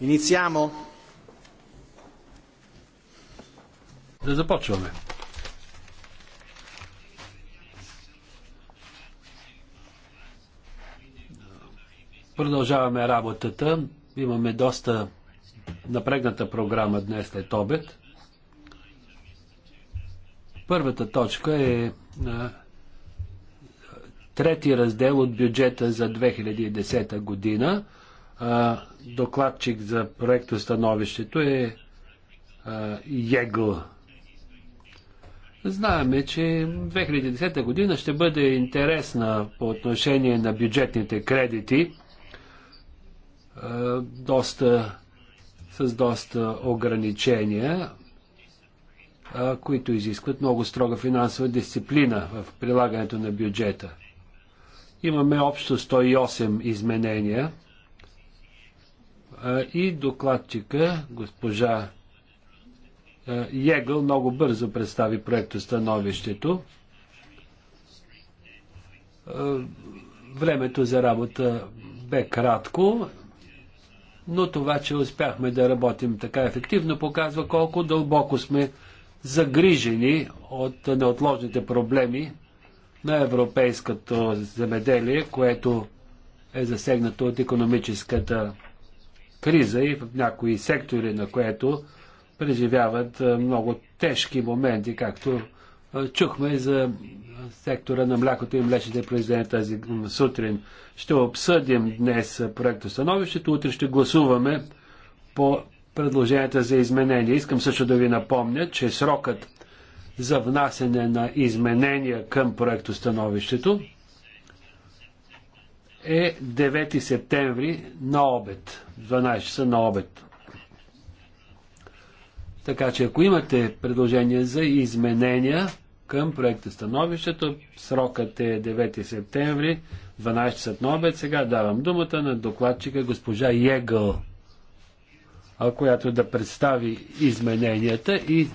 Iniziamo? Да започваме. Продължаваме работата. Имаме доста напрегната програма днес след обед. Първата точка е трети раздел от бюджета за 2010 година – а, докладчик за проекта становището е Егл. Знаеме, че 2010 година ще бъде интересна по отношение на бюджетните кредити. А, доста, с доста ограничения, които изискват много строга финансова дисциплина в прилагането на бюджета. Имаме общо 108 изменения – и докладчика госпожа Егъл много бързо представи проекто становището. Времето за работа бе кратко, но това, че успяхме да работим така ефективно, показва колко дълбоко сме загрижени от неотложните проблеми на европейското земеделие, което е засегнато от економическата криза и в някои сектори, на което преживяват много тежки моменти, както чухме за сектора на млякото и млечните произведения тази сутрин. Ще обсъдим днес проекто становището, утре ще гласуваме по предложенията за изменения. Искам също да ви напомня, че срокът за внасене на изменения към проекто становището е 9 септември на обед. 12 часа на обед. Така че ако имате предложения за изменения към проекта становището, срокът е 9 септември, 12 часа на обед. Сега давам думата на докладчика госпожа Егъл, която да представи измененията и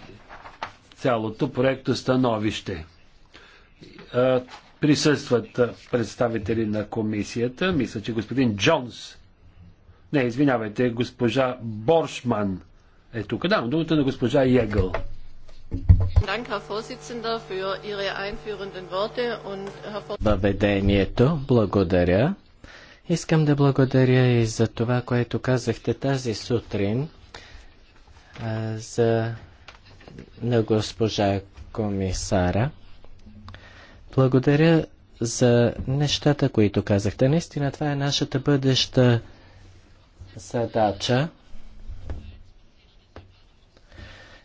цялото проекто становище присъстват представители на комисията. Мисля, че господин Джонс. Не, извинявайте, госпожа Боршман е тук. Да, думата на госпожа Егъл. Въведението, благодаря. Искам да благодаря и за това, което казахте тази сутрин за, на госпожа комисара. Благодаря за нещата, които казахте. Наистина това е нашата бъдеща задача.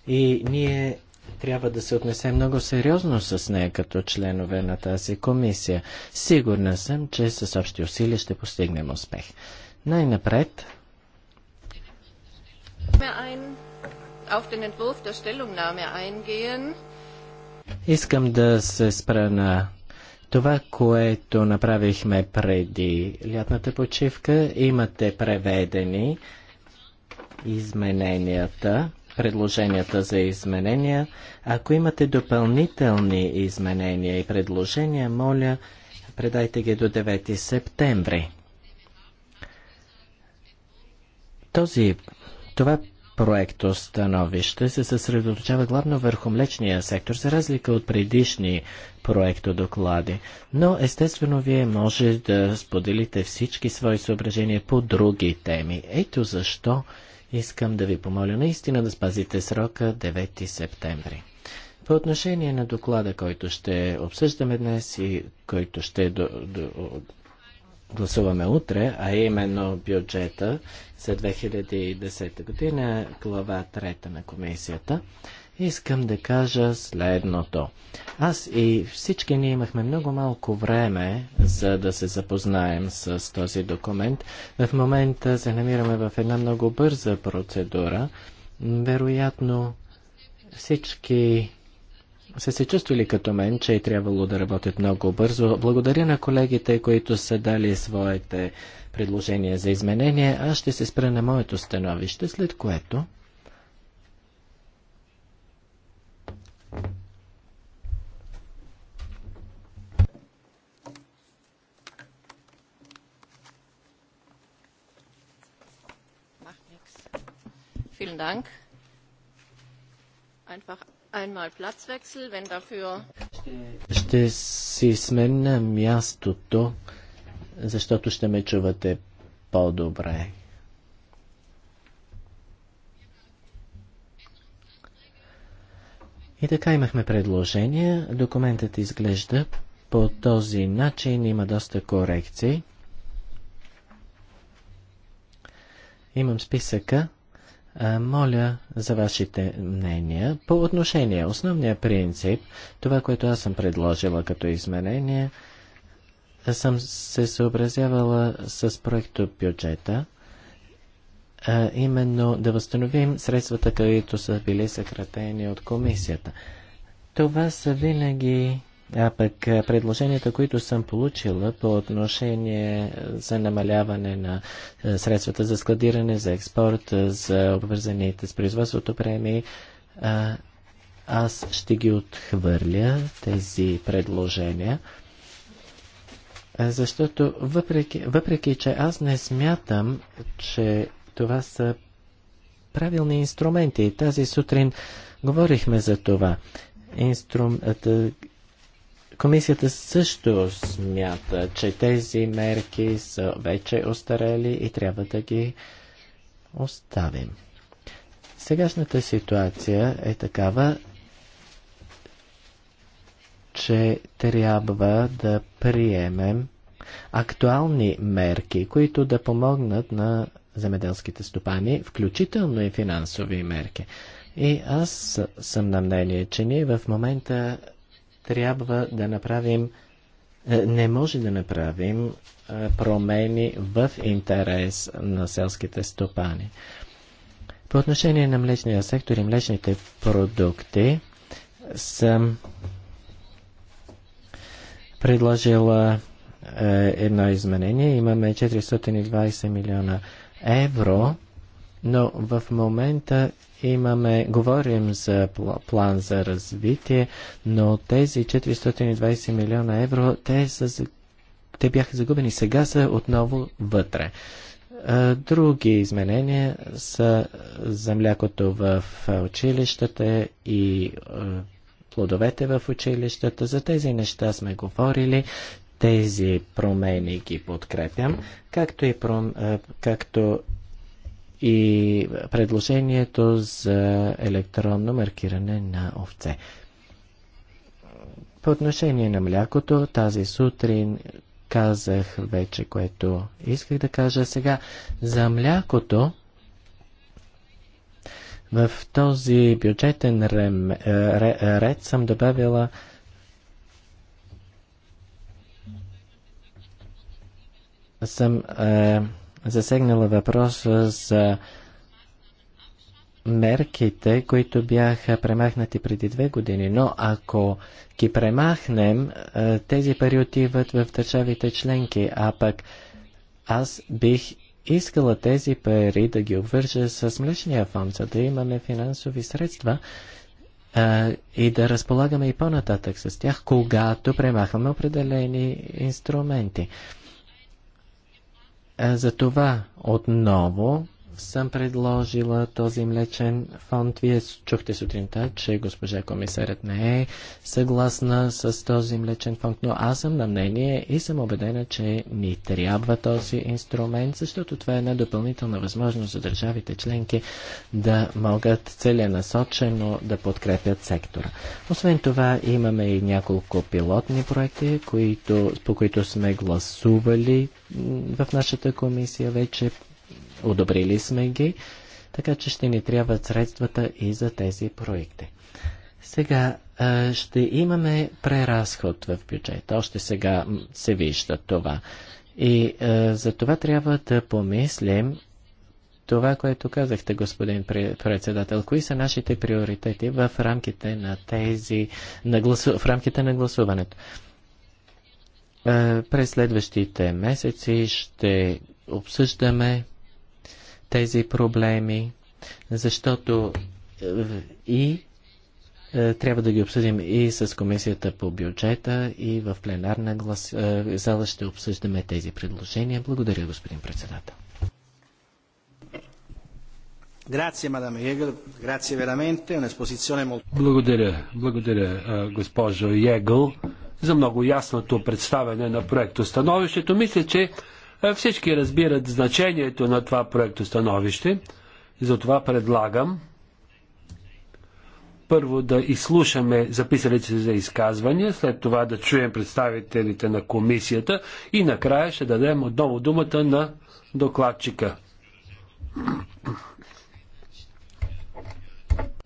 И ние трябва да се отнесем много сериозно с нея като членове на тази комисия. Сигурна съм, че с общи усилия ще постигнем успех. Най-напред. Auf den Entwurf der Stellungnahme eingehen. Искам да се спра на това, което направихме преди лятната почивка. Имате преведени измененията, предложенията за изменения. Ако имате допълнителни изменения и предложения, моля, предайте ги до 9 септември. Този, това проекто становище се съсредоточава главно върху млечния сектор, за разлика от предишни проекто доклади. Но естествено вие може да споделите всички свои съображения по други теми. Ето защо искам да ви помоля наистина да спазите срока 9 септември. По отношение на доклада, който ще обсъждаме днес и който ще до, до, гласуваме утре, а именно бюджета за 2010 година, глава 3 на комисията, искам да кажа следното. Аз и всички ние имахме много малко време, за да се запознаем с този документ. В момента се намираме в една много бърза процедура. Вероятно всички са се чувствали като мен, че е трябвало да работят много бързо. Благодаря на колегите, които са дали своите предложения за изменение. Аз ще се спра на моето становище, след което Vielen Dank. Einfach einmal Platzwechsel, wenn dafür... Ще си сменя мястото, защото ще ме чувате по-добре. И така имахме предложение. Документът изглежда по този начин. Има доста корекции. Имам списъка моля за вашите мнения. По отношение, основния принцип, това, което аз съм предложила като изменение, съм се съобразявала с проекто бюджета, а именно да възстановим средствата, които са били съкратени от комисията. Това са винаги а пък предложенията, които съм получила по отношение за намаляване на средствата за складиране, за експорт, за обвързаните с производството премии, аз ще ги отхвърля тези предложения, защото въпреки, въпреки, че аз не смятам, че това са правилни инструменти. Тази сутрин говорихме за това. Инструм... Комисията също смята, че тези мерки са вече остарели и трябва да ги оставим. Сегашната ситуация е такава, че трябва да приемем актуални мерки, които да помогнат на земеделските стопани, включително и финансови мерки. И аз съм на мнение, че ние в момента трябва да направим, е, не може да направим е, промени в интерес на селските стопани. По отношение на млечния сектор и млечните продукти съм предложила е, едно изменение. Имаме 420 милиона евро, но в момента имаме, говорим за план за развитие, но тези 420 милиона евро, те, са, те бяха загубени, сега са отново вътре. Други изменения са за млякото в училищата и плодовете в училищата. За тези неща сме говорили. Тези промени ги подкрепям, както и, пром... както и предложението за електронно маркиране на овце. По отношение на млякото, тази сутрин казах вече, което исках да кажа сега. За млякото в този бюджетен рем, е, ред съм добавила съм е, засегнала въпроса за мерките, които бяха премахнати преди две години. Но ако ги премахнем, тези пари отиват в държавите членки, а пък аз бих искала тези пари да ги обвържа с млечния фонд, за да имаме финансови средства а, и да разполагаме и по-нататък с тях, когато премахваме определени инструменти. Е, за това отново съм предложила този млечен фонд. Вие чухте сутринта, че госпожа комисарят не е съгласна с този млечен фонд, но аз съм на мнение и съм убедена, че ни трябва този инструмент, защото това е една допълнителна възможност за държавите членки да могат целенасочено да подкрепят сектора. Освен това, имаме и няколко пилотни проекти, които, по които сме гласували в нашата комисия вече Одобрили сме ги, така че ще ни трябват средствата и за тези проекти. Сега ще имаме преразход в бюджета. Още сега се вижда това. И за това трябва да помислим това, което казахте, господин председател. Кои са нашите приоритети в рамките на тези, на гласу, в рамките на гласуването? през следващите месеци ще обсъждаме тези проблеми, защото е, и е, трябва да ги обсъдим и с комисията по бюджета и в пленарна глас... Е, зала ще обсъждаме тези предложения. Благодаря, господин председател. Благодаря, благодаря, госпожо Егъл, за много ясното представяне на проекто становището. Мисля, че е, всички разбират значението на това проекто становище и затова предлагам първо да изслушаме записалите се за изказвания, след това да чуем представителите на комисията и накрая ще дадем отново думата на докладчика.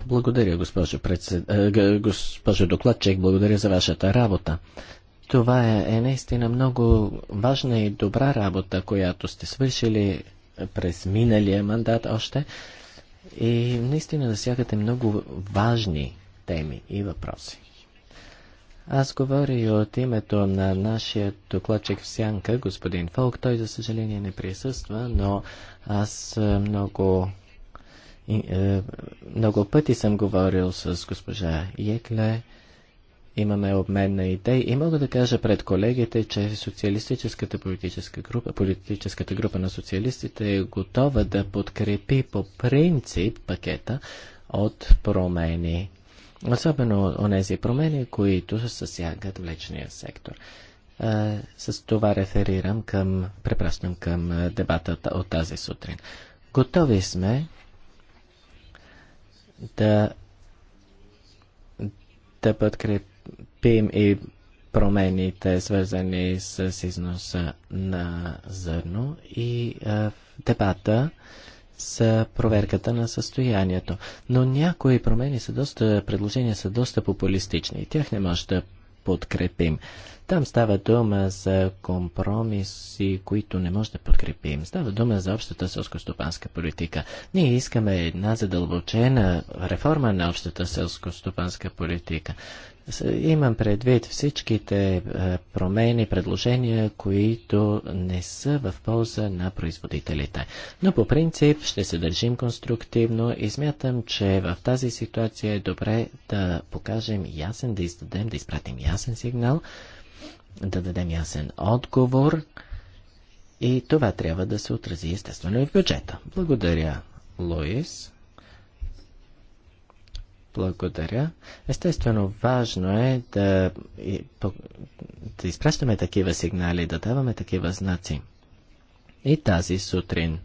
Благодаря, госпожо, председ... Е, госпожо докладчик, благодаря за вашата работа. Това е, е наистина много важна и добра работа, която сте свършили през миналия мандат още. И наистина засягате много важни теми и въпроси. Аз говоря и от името на нашия докладчик в Сянка, господин Фолк. Той, за съжаление, не присъства, но аз е, много, е, много пъти съм говорил с госпожа Екле имаме обмен на идеи и мога да кажа пред колегите, че социалистическата политическа група, политическата група на социалистите е готова да подкрепи по принцип пакета от промени. Особено от тези промени, които съсягат влечния сектор. А, с това реферирам към, препращам към дебата от тази сутрин. Готови сме да да подкрепим пием и промените, свързани с износа на зърно и а, дебата с проверката на състоянието. Но някои промени са доста, предложения са доста популистични и тях не може да подкрепим. Там става дума за компромиси, които не може да подкрепим. Става дума за общата селскостопанска политика. Ние искаме една задълбочена реформа на общата селско-стопанска политика. Имам предвид всичките е, промени, предложения, които не са в полза на производителите. Но по принцип ще се държим конструктивно и смятам, че в тази ситуация е добре да покажем ясен, да издадем, да изпратим ясен сигнал, да дадем ясен отговор и това трябва да се отрази естествено и в бюджета. Благодаря, Луис. Благодаря. Естествено, важно е да, да изпращаме такива сигнали, да даваме такива знаци. И тази сутрин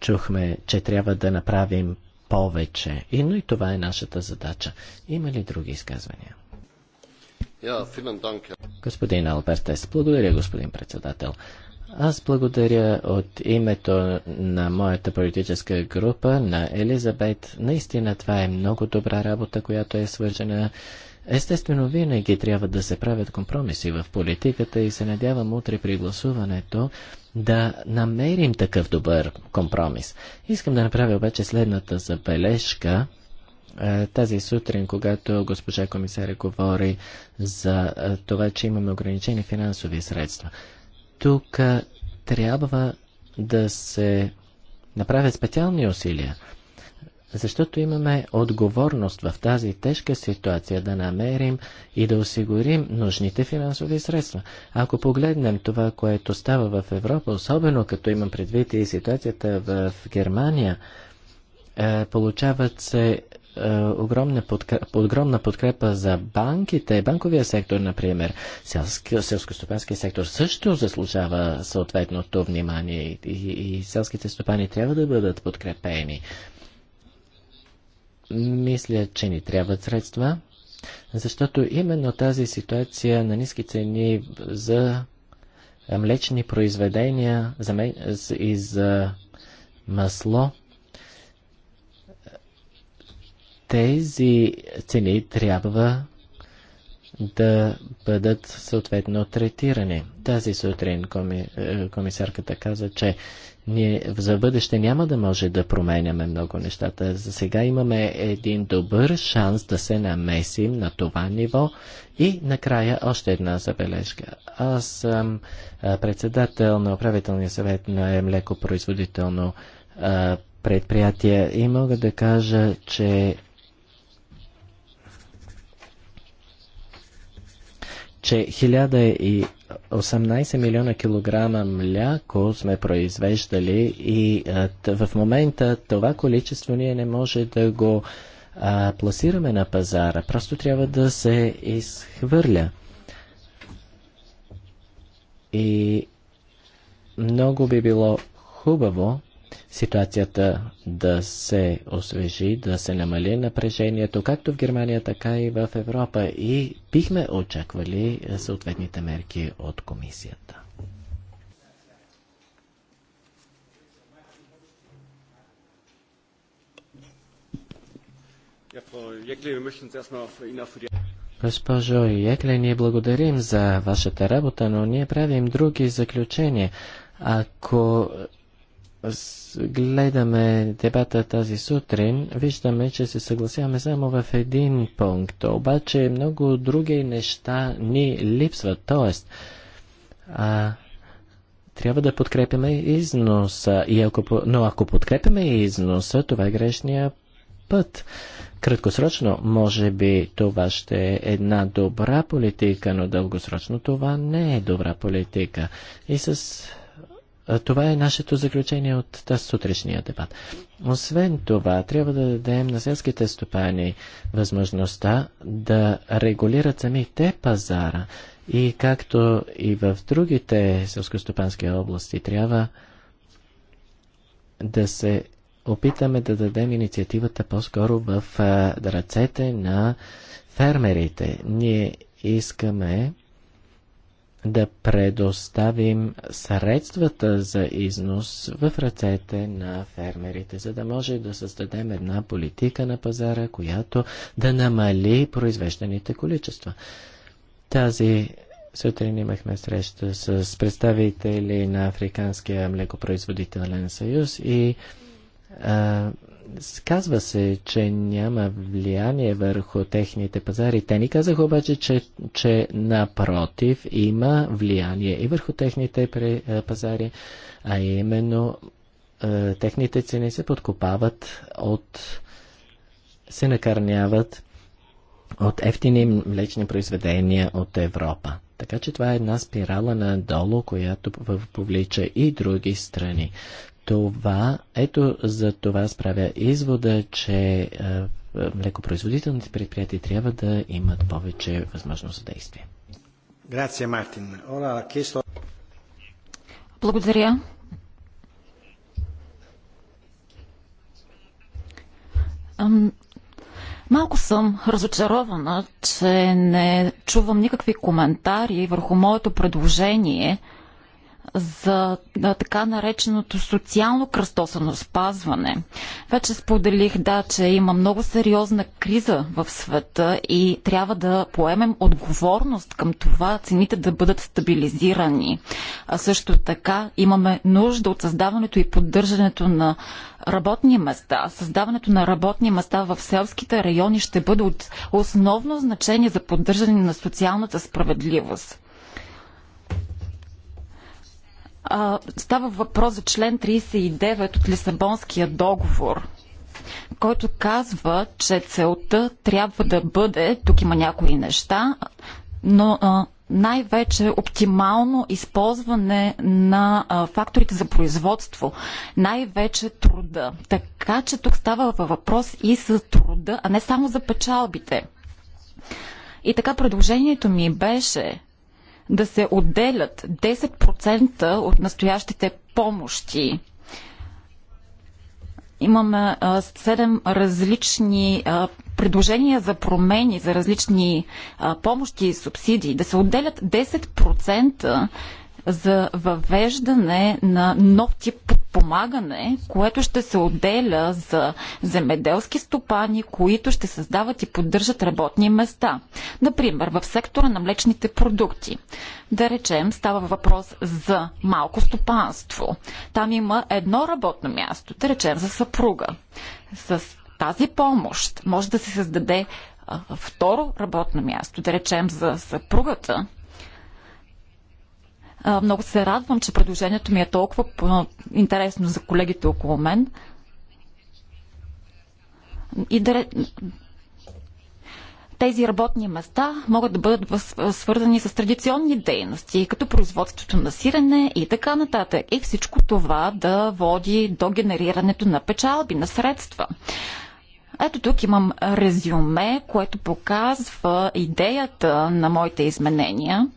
чухме, че трябва да направим повече. И, но и това е нашата задача. Има ли други изказвания? Yeah, Господин Албертес, благодаря, господин председател. Аз благодаря от името на моята политическа група, на Елизабет. Наистина това е много добра работа, която е свържена. Естествено, винаги трябва да се правят компромиси в политиката и се надявам утре при гласуването да намерим такъв добър компромис. Искам да направя обаче следната забележка. Е, тази сутрин, когато госпожа комисаря говори за е, това, че имаме ограничени финансови средства – тук трябва да се направят специални усилия, защото имаме отговорност в тази тежка ситуация да намерим и да осигурим нужните финансови средства. Ако погледнем това, което става в Европа, особено като имам предвид и ситуацията в Германия, е, получават се е, огромна, подкреп, огромна подкрепа за банките, банковия сектор, например. Селско-стопанския сектор също заслужава съответното внимание и, и, и селските стопани трябва да бъдат подкрепени. Мисля, че ни трябват средства, защото именно тази ситуация на ниски цени за е, млечни произведения за, и за масло – тези цени трябва да бъдат съответно третирани. Тази сутрин коми, е, комисарката каза, че ние за бъдеще няма да може да променяме много нещата. За сега имаме един добър шанс да се намесим на това ниво. И накрая още една забележка. Аз съм е, председател на управителния съвет на млекопроизводително е, предприятие и мога да кажа, че че 1018 милиона килограма мляко сме произвеждали и в момента това количество ние не може да го а, пласираме на пазара. Просто трябва да се изхвърля. И много би било хубаво ситуацията да се освежи, да се намали напрежението, както в Германия, така и в Европа. И бихме очаквали е, съответните мерки от комисията. Госпожо Екле, ние благодарим за вашата работа, но ние правим други заключения. Ако гледаме дебата тази сутрин, виждаме, че се съгласяваме само в един пункт. Обаче много други неща ни липсват. Тоест, а, трябва да подкрепяме износа. И ако, но ако подкрепяме износа, това е грешния път. Краткосрочно, може би, това ще е една добра политика, но дългосрочно това не е добра политика. И с това е нашето заключение от тази сутрешния дебат. Освен това, трябва да дадем на селските стопани възможността да регулират сами те пазара и както и в другите селскостопански области трябва да се опитаме да дадем инициативата по-скоро в ръцете на фермерите. Ние искаме да предоставим средствата за износ в ръцете на фермерите, за да може да създадем една политика на пазара, която да намали произвежданите количества. Тази сутрин имахме среща с представители на Африканския млекопроизводителен съюз и а, Казва се, че няма влияние върху техните пазари. Те ни казаха обаче, че, че напротив има влияние и върху техните пазари, а именно техните цени се подкопават от се накърняват от ефтини млечни произведения от Европа. Така че това е една спирала надолу, която повлича и други страни това, ето за това справя извода, че млекопроизводителните предприятия трябва да имат повече възможност за действие. Грация, Мартин. Благодаря. Малко съм разочарована, че не чувам никакви коментари върху моето предложение – за така нареченото социално кръстосано спазване. Вече споделих, да, че има много сериозна криза в света и трябва да поемем отговорност към това цените да бъдат стабилизирани. А също така имаме нужда от създаването и поддържането на работни места. Създаването на работни места в селските райони ще бъде от основно значение за поддържане на социалната справедливост. А, става въпрос за член 39 от Лисабонския договор който казва, че целта трябва да бъде, тук има някои неща, но най-вече оптимално използване на а, факторите за производство, най-вече труда. Така че тук става въпрос и за труда, а не само за печалбите. И така предложението ми беше да се отделят 10% от настоящите помощи. Имаме а, 7 различни а, предложения за промени, за различни а, помощи и субсидии. Да се отделят 10% за въвеждане на нов тип подпомагане, което ще се отделя за земеделски стопани, които ще създават и поддържат работни места. Например, в сектора на млечните продукти. Да речем, става въпрос за малко стопанство. Там има едно работно място, да речем за съпруга. С тази помощ може да се създаде второ работно място, да речем за съпругата, много се радвам, че предложението ми е толкова интересно за колегите около мен. И да, тези работни места могат да бъдат свързани с традиционни дейности, като производството на сирене и така нататък. И всичко това да води до генерирането на печалби, на средства. Ето тук имам резюме, което показва идеята на моите изменения –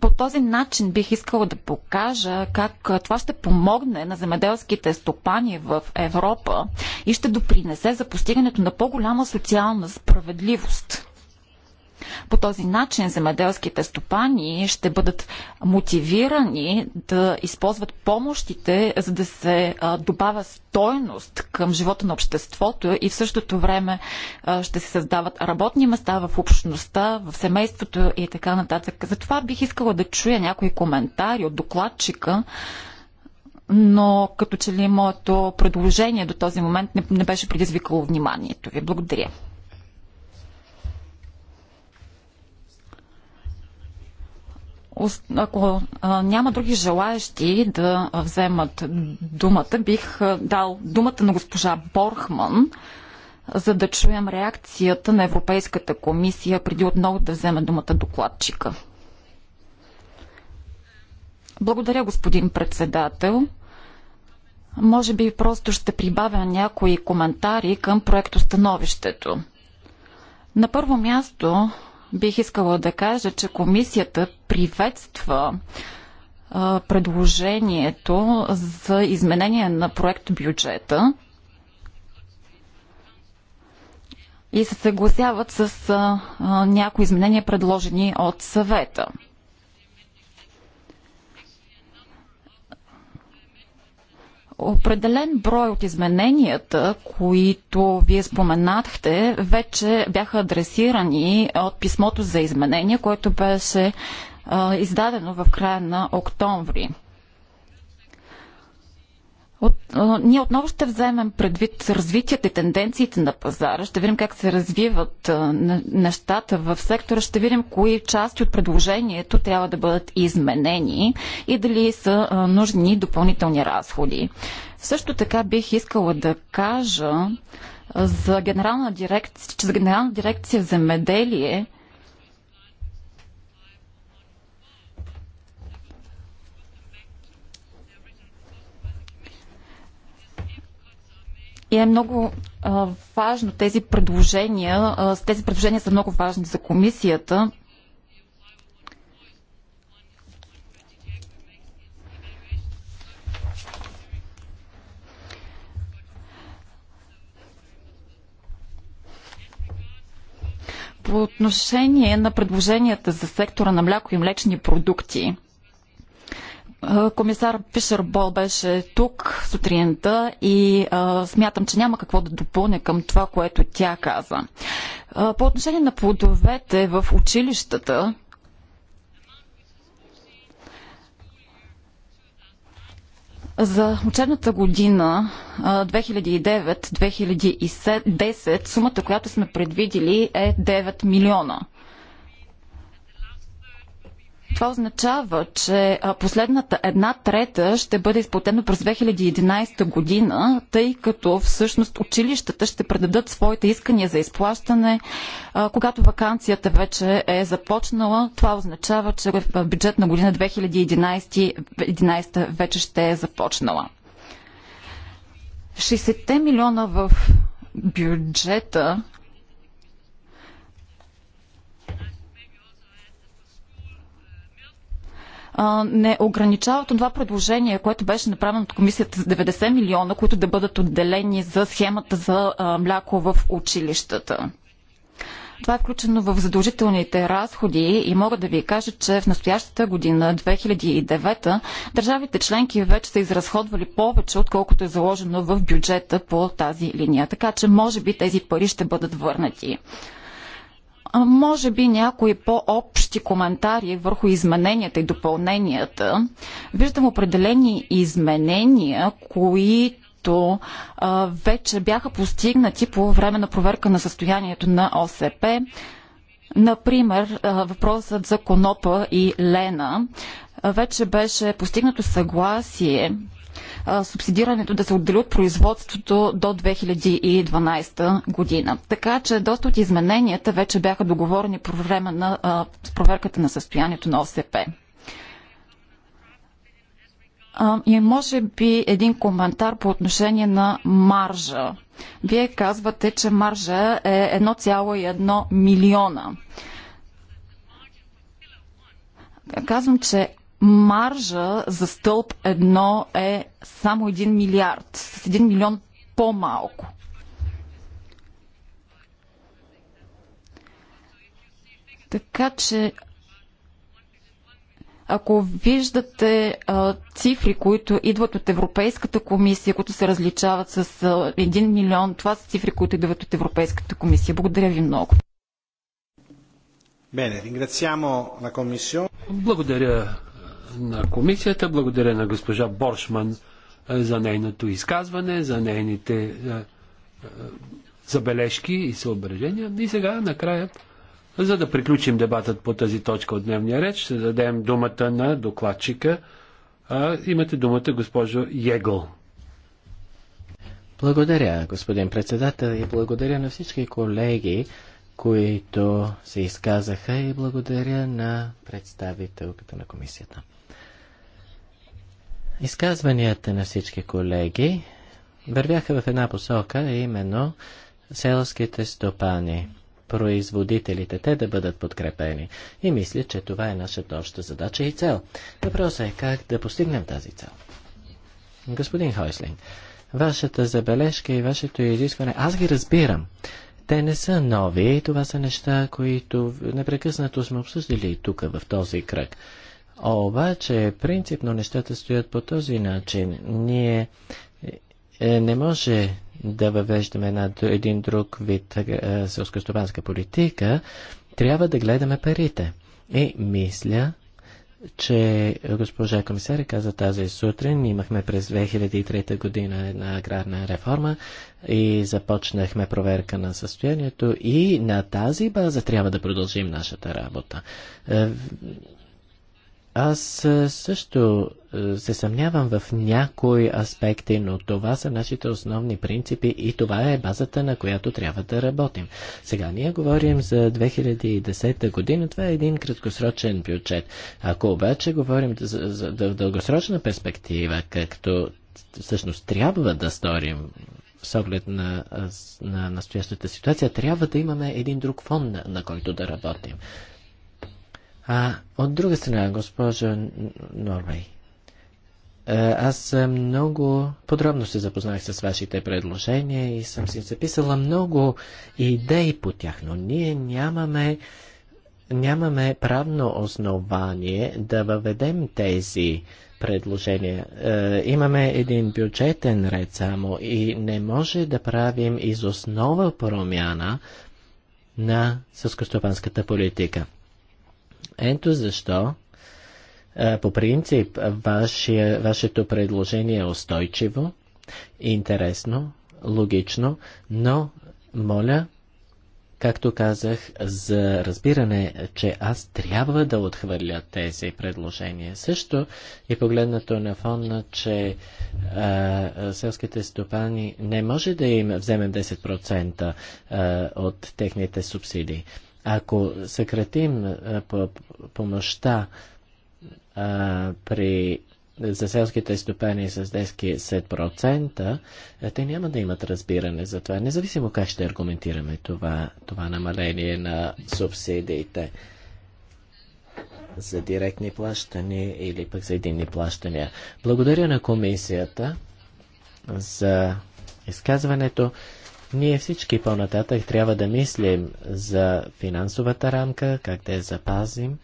по този начин бих искала да покажа как това ще помогне на земеделските стопани в Европа и ще допринесе за постигането на по-голяма социална справедливост. По този начин земеделските стопани ще бъдат мотивирани да използват помощите, за да се добавя стойност към живота на обществото и в същото време ще се създават работни места в общността, в семейството и така нататък. Затова бих искала да чуя някои коментари от докладчика, но като че ли моето предложение до този момент не, не беше предизвикало вниманието ви. Благодаря. ако няма други желаящи да вземат думата, бих дал думата на госпожа Борхман, за да чуем реакцията на Европейската комисия, преди отново да вземе думата докладчика. Благодаря, господин председател. Може би просто ще прибавя някои коментари към проектостановището. На първо място Бих искала да кажа, че комисията приветства а, предложението за изменение на проект бюджета и се съгласяват с а, а, някои изменения, предложени от съвета. Определен брой от измененията, които вие споменахте, вече бяха адресирани от писмото за изменения, което беше издадено в края на октомври. От, а, ние отново ще вземем предвид развитията и тенденциите на пазара, ще видим как се развиват а, нещата в сектора, ще видим кои части от предложението трябва да бъдат изменени и дали са а, нужни допълнителни разходи. Също така бих искала да кажа за генерална дирекция, че за генерална дирекция меделие И е много а, важно тези предложения, а, тези предложения са много важни за комисията. По отношение на предложенията за сектора на мляко и млечни продукти – е, комисар Фишер Бол беше тук сутринта и а, е, смятам, че няма какво да допълня към това, което тя каза. А, е, по отношение на плодовете в училищата, За учебната година 2009-2010 сумата, която сме предвидили е 9 милиона – това означава, че последната една трета ще бъде изплатена през 2011 година, тъй като всъщност училищата ще предадат своите искания за изплащане, когато вакансията вече е започнала. Това означава, че в на година 2011 вече ще е започнала. 60 милиона в бюджета не ограничават това предложение, което беше направено от комисията с 90 милиона, които да бъдат отделени за схемата за мляко в училищата. Това е включено в задължителните разходи и мога да ви кажа, че в настоящата година, 2009, държавите членки вече са изразходвали повече, отколкото е заложено в бюджета по тази линия. Така че, може би, тези пари ще бъдат върнати. Може би някои по-общи коментари върху измененията и допълненията. Виждам определени изменения, които вече бяха постигнати по време на проверка на състоянието на ОСП. Например, въпросът за Конопа и Лена вече беше постигнато съгласие субсидирането да се отдели от производството до 2012 година. Така че доста от измененията вече бяха договорени по време на а, проверката на състоянието на ОСП. и може би един коментар по отношение на маржа. Вие казвате, че маржа е 1,1 милиона. Казвам, че маржа за стълб едно е само 1 милиард, с 1 милион по-малко. Така че, ако виждате а, цифри, които идват от Европейската комисия, които се различават с а, 1 милион, това са цифри, които идват от Европейската комисия. Благодаря ви много. Благодаря на комисията. Благодаря на госпожа Боршман е, за нейното изказване, за нейните е, е, забележки и съображения. И сега, накрая, за да приключим дебатът по тази точка от дневния реч, ще дадем думата на докладчика. Имате думата, госпожо Егъл. Благодаря, господин председател, и благодаря на всички колеги, които се изказаха и благодаря на представителката на комисията. Изказванията на всички колеги вървяха в една посока, именно селските стопани, производителите, те да бъдат подкрепени. И мисля, че това е нашата обща задача и цел. Въпросът е как да постигнем тази цел. Господин Хойслин, вашата забележка и вашето изискване, аз ги разбирам. Те не са нови, това са неща, които непрекъснато сме обсъждали тук в този кръг. Обаче, принципно нещата стоят по този начин. Ние е, не може да въвеждаме на един друг вид е, е, селскостопанска политика, трябва да гледаме парите. И мисля, че госпожа комисаря каза тази сутрин, имахме през 2003 година една аграрна реформа и започнахме проверка на състоянието и на тази база трябва да продължим нашата работа. Аз също се съмнявам в някои аспекти, но това са нашите основни принципи и това е базата, на която трябва да работим. Сега ние говорим за 2010 година, това е един краткосрочен бюджет. Ако обаче говорим за, за, за дългосрочна перспектива, както всъщност трябва да сторим с оглед на, на настоящата ситуация, трябва да имаме един друг фон, на, на който да работим. А от друга страна, госпожа Норвей, е, аз е, много подробно се запознах с вашите предложения и съм си записала много идеи по тях, но ние нямаме, нямаме правно основание да въведем тези предложения. Е, имаме един бюджетен ред само и не може да правим из основа промяна на съскостопанската политика. Ето защо е, по принцип ваше, вашето предложение е устойчиво, интересно, логично, но моля, както казах, за разбиране, че аз трябва да отхвърля тези предложения. Също и погледнато на фона, че а, е, селските стопани не може да им вземем 10% а, е, от техните субсидии. Ако съкратим помощта при за селските стопани с 10%, те няма да имат разбиране за това, независимо как ще аргументираме това, това намаление на субсидиите за директни плащания или пък за единни плащания. Благодаря на комисията за изказването. Ние всички по-нататък трябва да мислим за финансовата рамка, как да я запазим.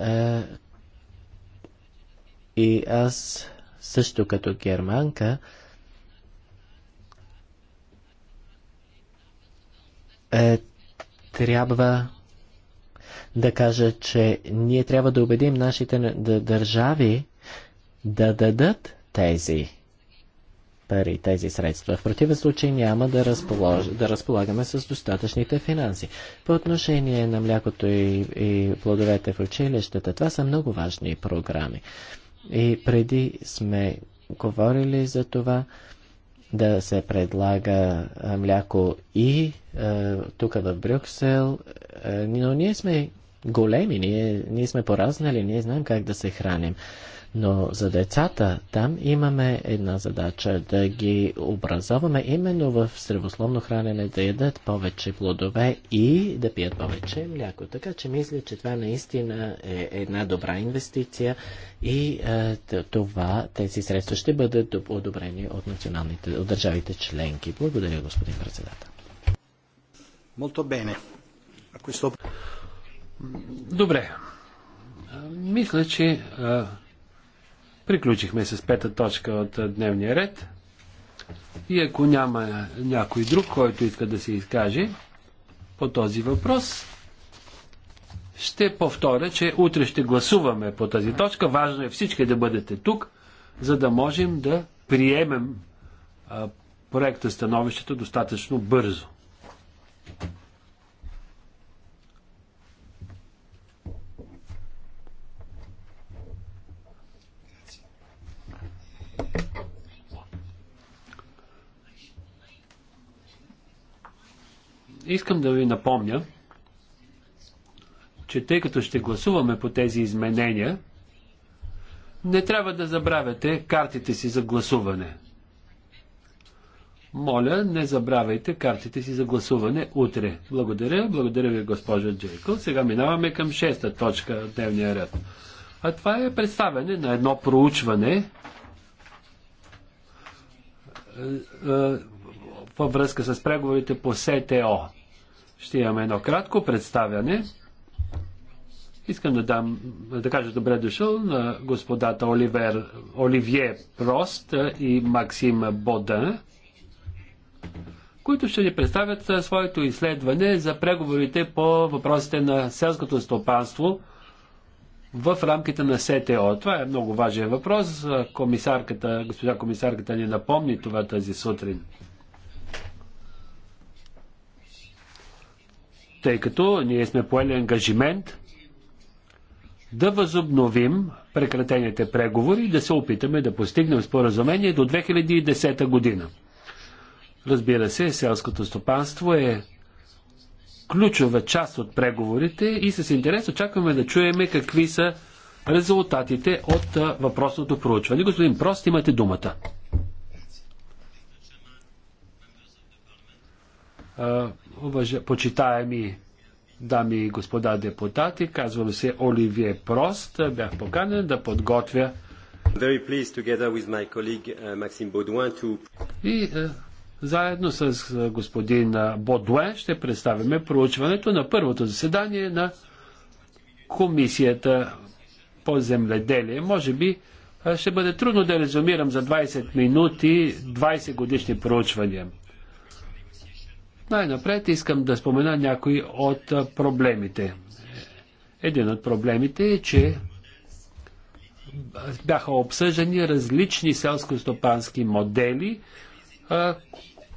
Е, и аз също като германка е, трябва да кажа, че ние трябва да убедим нашите държави да дадат тези пари, тези средства. В противен случай няма да, разполож... да разполагаме с достатъчните финанси. По отношение на млякото и, и плодовете в училищата, това са много важни програми. И преди сме говорили за това да се предлага мляко и е, тук в Брюксел, е, но ние сме големи, ние, ние сме поразнали, ние знаем как да се храним. Но за децата там имаме една задача да ги образоваме именно в здравословно хранене, да ядат повече плодове и да пият повече мляко. Така че мисля, че това наистина е една добра инвестиция и е, това, тези средства ще бъдат одобрени от националните, от държавите членки. Благодаря, господин председател. Molto bene. Добре. Мисля, че е, Приключихме с пета точка от дневния ред. И ако няма някой друг, който иска да се изкаже по този въпрос, ще повторя, че утре ще гласуваме по тази точка. Важно е всички да бъдете тук, за да можем да приемем проекта становището достатъчно бързо. искам да ви напомня, че тъй като ще гласуваме по тези изменения, не трябва да забравяте картите си за гласуване. Моля, не забравяйте картите си за гласуване утре. Благодаря, благодаря ви, госпожа Джейкъл. Сега минаваме към шеста точка от дневния ред. А това е представяне на едно проучване е, е, във връзка с преговорите по СТО. Ще имаме едно кратко представяне. Искам да, дам, да кажа добре дошъл на господата Оливер, Оливие Прост и Максим Бода, които ще ни представят своето изследване за преговорите по въпросите на селското стопанство в рамките на СТО. Това е много важен въпрос. Комисарката, госпожа комисарката ни напомни това тази сутрин. тъй като ние сме поели ангажимент да възобновим прекратените преговори и да се опитаме да постигнем споразумение до 2010 година. Разбира се, селското стопанство е ключова част от преговорите и с интерес очакваме да чуем какви са резултатите от въпросното проучване. Господин Прост, имате думата почитаеми дами и господа депутати, казвам се Оливие Прост, бях поканен да подготвя uh, и е, заедно с е, господин Бодуен ще представяме проучването на първото заседание на Комисията по земледелие. Може би е, ще бъде трудно да резюмирам за 20 минути 20 годишни проучвания. Най-напред искам да спомена някои от проблемите. Един от проблемите е, че бяха обсъждани различни селско-стопански модели,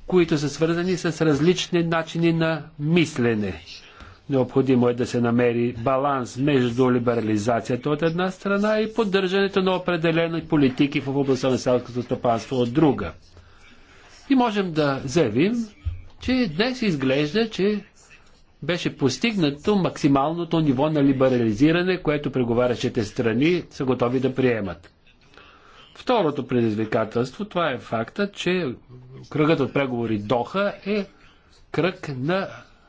които са свързани с различни начини на мислене. Необходимо е да се намери баланс между либерализацията от една страна и поддържането на определени политики в областта на селското стопанство от друга. И можем да заявим, че днес изглежда, че беше постигнато максималното ниво на либерализиране, което преговарящите страни са готови да приемат. Второто предизвикателство, това е факта, че кръгът от преговори Доха е кръг на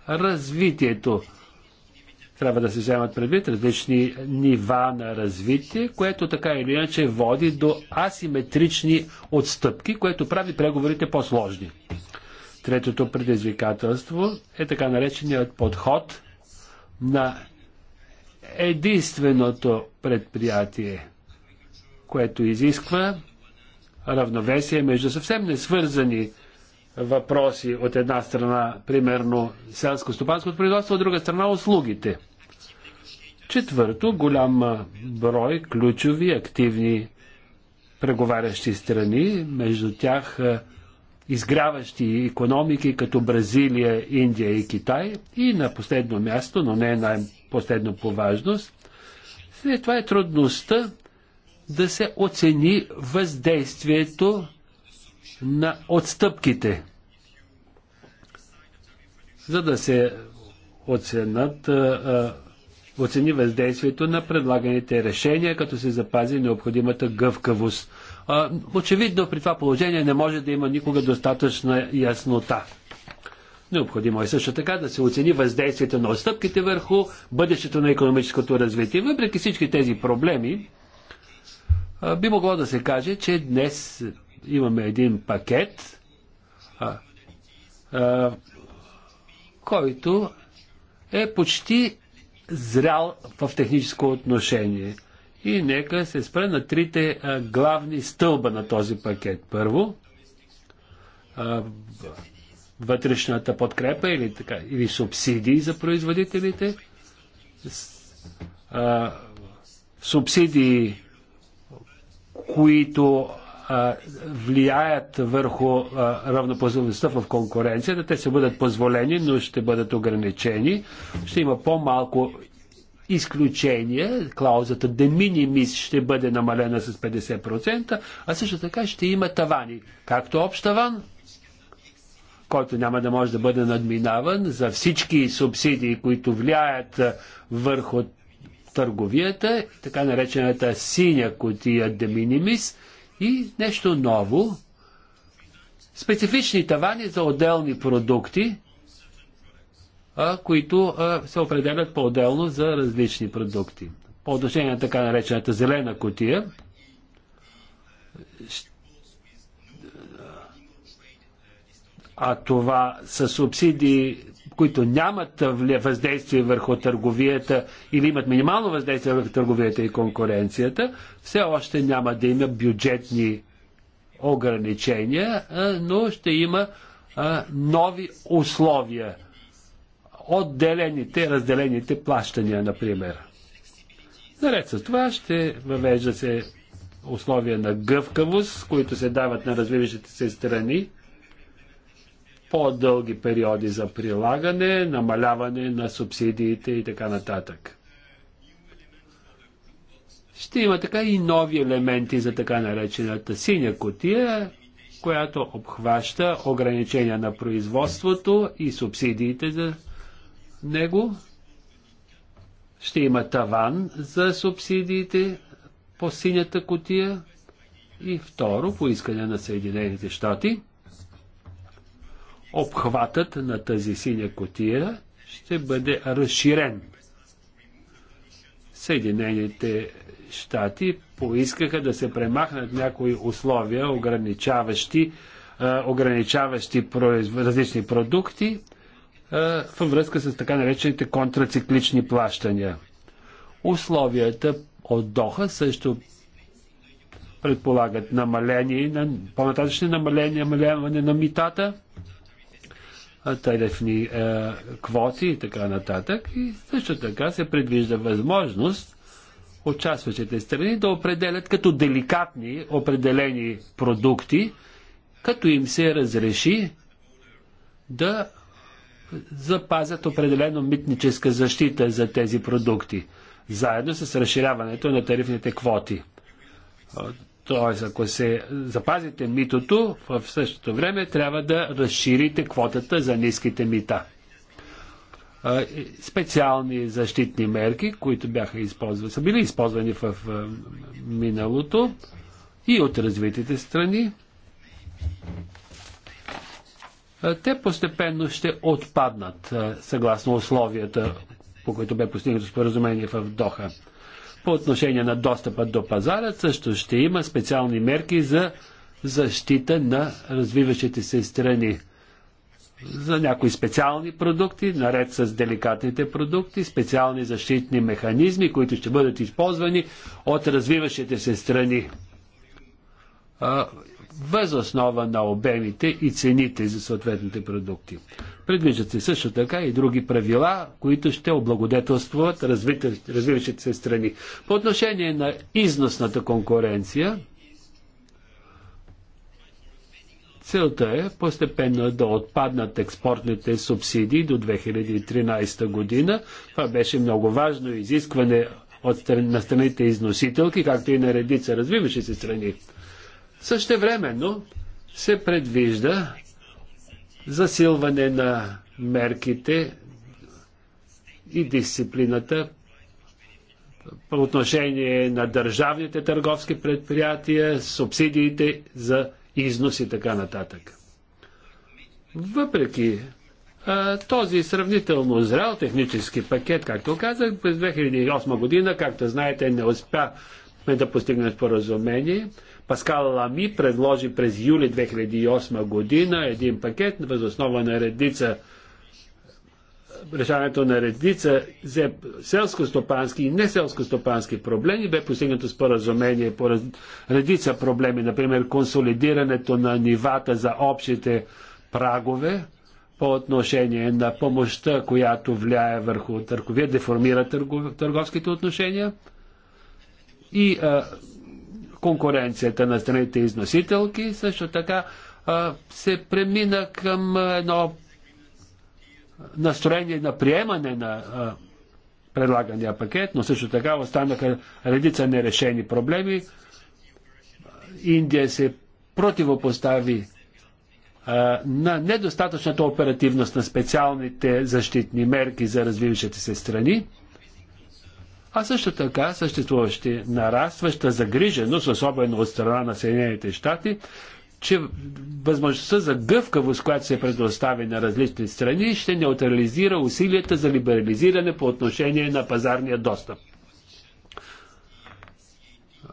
развитието. Трябва да се вземат предвид различни нива на развитие, което така или иначе води до асиметрични отстъпки, което прави преговорите по-сложни. Третото предизвикателство е така нареченият подход на единственото предприятие, което изисква равновесие между съвсем несвързани въпроси от една страна, примерно селско ступанското производство, от друга страна услугите. Четвърто, голям брой ключови, активни преговарящи страни, между тях изгряващи економики като Бразилия, Индия и Китай. И на последно място, но не е най-последно по важност, след това е трудността да се оцени въздействието на отстъпките, за да се оценят а, оцени въздействието на предлаганите решения, като се запази необходимата гъвкавост. Очевидно при това положение не може да има никога достатъчна яснота. Необходимо е също така да се оцени въздействието на отстъпките върху бъдещето на економическото развитие. Въпреки всички тези проблеми, би могло да се каже, че днес имаме един пакет, който е почти зрял в техническо отношение. И нека се спра на трите а, главни стълба на този пакет. Първо, а, вътрешната подкрепа или, така, или субсидии за производителите, а, субсидии, които влияят върху равнопозволността в конкуренцията. Те ще бъдат позволени, но ще бъдат ограничени. Ще има по-малко изключение, Клаузата de minimis ще бъде намалена с 50%, а също така ще има тавани. Както общ таван, който няма да може да бъде надминаван за всички субсидии, които влияят върху търговията, така наречената синя котия de minimis – и нещо ново, специфични тавани за отделни продукти, а, които а, се определят по-отделно за различни продукти. По отношение на така наречената зелена котия, а това са субсидии които нямат въздействие върху търговията или имат минимално въздействие върху търговията и конкуренцията, все още няма да има бюджетни ограничения, но ще има нови условия. Отделените, разделените плащания, например. Наред с това ще въвежда се условия на гъвкавост, които се дават на развиващите се страни по-дълги периоди за прилагане, намаляване на субсидиите и така нататък. Ще има така и нови елементи за така наречената синя котия, която обхваща ограничения на производството и субсидиите за него. Ще има таван за субсидиите по синята котия. И второ, по искане на Съединените щати, обхватът на тази синя котия ще бъде разширен. Съединените щати поискаха да се премахнат някои условия, ограничаващи, ограничаващи различни продукти във връзка с така наречените контрациклични плащания. Условията от Доха също предполагат намаление, на, по-нататъчни намаления, намаляване на митата – тарифни е, квоти и така нататък. И също така се предвижда възможност участващите страни да определят като деликатни определени продукти, като им се разреши да запазят определено митническа защита за тези продукти, заедно с разширяването на тарифните квоти. Т.е. ако се запазите митото, в същото време трябва да разширите квотата за ниските мита. Специални защитни мерки, които бяха използвани, са били използвани в миналото и от развитите страни, те постепенно ще отпаднат съгласно условията, по които бе постигнато споразумение в Доха. По отношение на достъпа до пазара също ще има специални мерки за защита на развиващите се страни. За някои специални продукти, наред с деликатните продукти, специални защитни механизми, които ще бъдат използвани от развиващите се страни въз основа на обемите и цените за съответните продукти. Предвиждат се също така и други правила, които ще облагодетелстват развиващите се страни. По отношение на износната конкуренция, Целта е постепенно да отпаднат експортните субсидии до 2013 година. Това беше много важно изискване от страни, на страните износителки, както и на редица развиващи се страни. Същевременно се предвижда засилване на мерките и дисциплината по отношение на държавните търговски предприятия, субсидиите за износ и така нататък. Въпреки а, този сравнително зрял технически пакет, както казах, през 2008 година, както знаете, не успяхме да постигнем споразумение. Паскал Лами предложи през юли 2008 година един пакет възоснова на редица решаването на редица селско-стопански и неселско-стопански проблеми бе постигнато споразумение по редица проблеми, например консолидирането на нивата за общите прагове по отношение на помощта, която влияе върху търговия, деформира търговските отношения и а, конкуренцията на страните износителки, също така се премина към едно настроение на приемане на предлагания пакет, но също така останаха редица нерешени проблеми. Индия се противопостави а, на недостатъчната оперативност на специалните защитни мерки за развиващите се страни а също така съществуващи нарастваща загриженост, особено от страна на Съединените щати, че възможността за гъвкавост, която се предостави на различни страни, ще неутрализира усилията за либерализиране по отношение на пазарния достъп.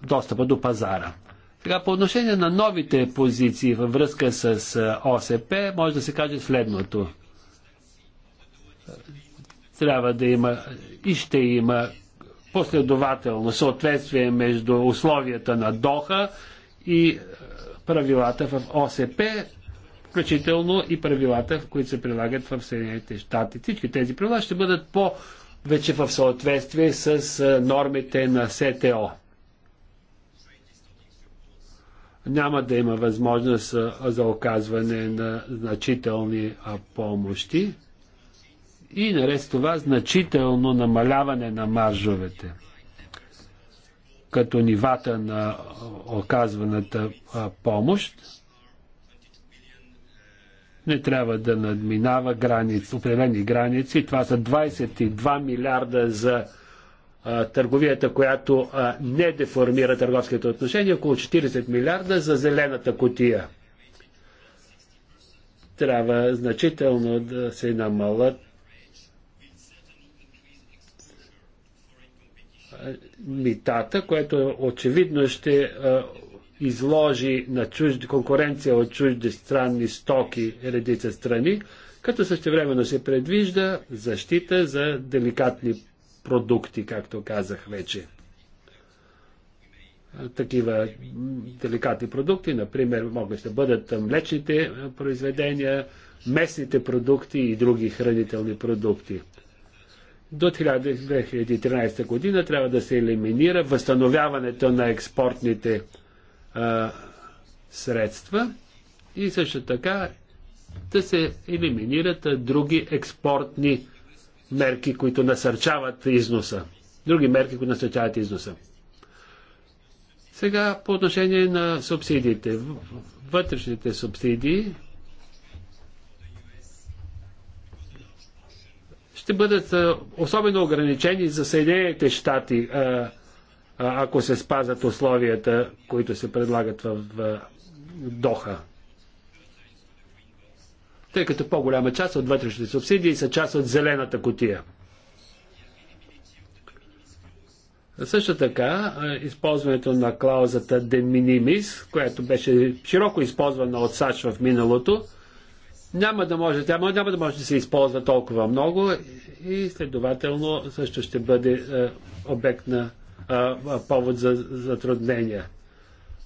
Достъпа до пазара. Сега, по отношение на новите позиции във връзка с ОСП, може да се каже следното. Трябва да има и ще има последователно съответствие между условията на Доха и е, правилата в ОСП, включително и правилата, които се прилагат в Съединените щати. Всички тези правила ще бъдат по вече в съответствие с е, нормите на СТО. Няма да има възможност е, за оказване на значителни помощи и наред с това значително намаляване на маржовете като нивата на оказваната помощ не трябва да надминава граници, определени граници. Това са 22 милиарда за търговията, която не деформира търговските отношения, около 40 милиарда за зелената котия. Трябва значително да се намалят митата, което очевидно ще е, изложи на чужди, конкуренция от чужди странни стоки редица страни, като същевременно се предвижда защита за деликатни продукти, както казах вече. Такива деликатни продукти, например, могат да бъдат млечните произведения, местните продукти и други хранителни продукти до 2013 година трябва да се елиминира възстановяването на експортните а, средства и също така да се елиминират други експортни мерки, които насърчават износа. Други мерки, които насърчават износа. Сега по отношение на субсидиите. Вътрешните субсидии ще бъдат особено ограничени за Съединените щати, ако се спазат условията, които се предлагат в Доха. Тъй като по-голяма част от вътрешните субсидии са част от зелената котия. Също така, използването на клаузата de minimis, която беше широко използвана от САЩ в миналото, няма да може, тя няма да може да се използва толкова много и следователно също ще бъде е, обект на е, повод за затруднения.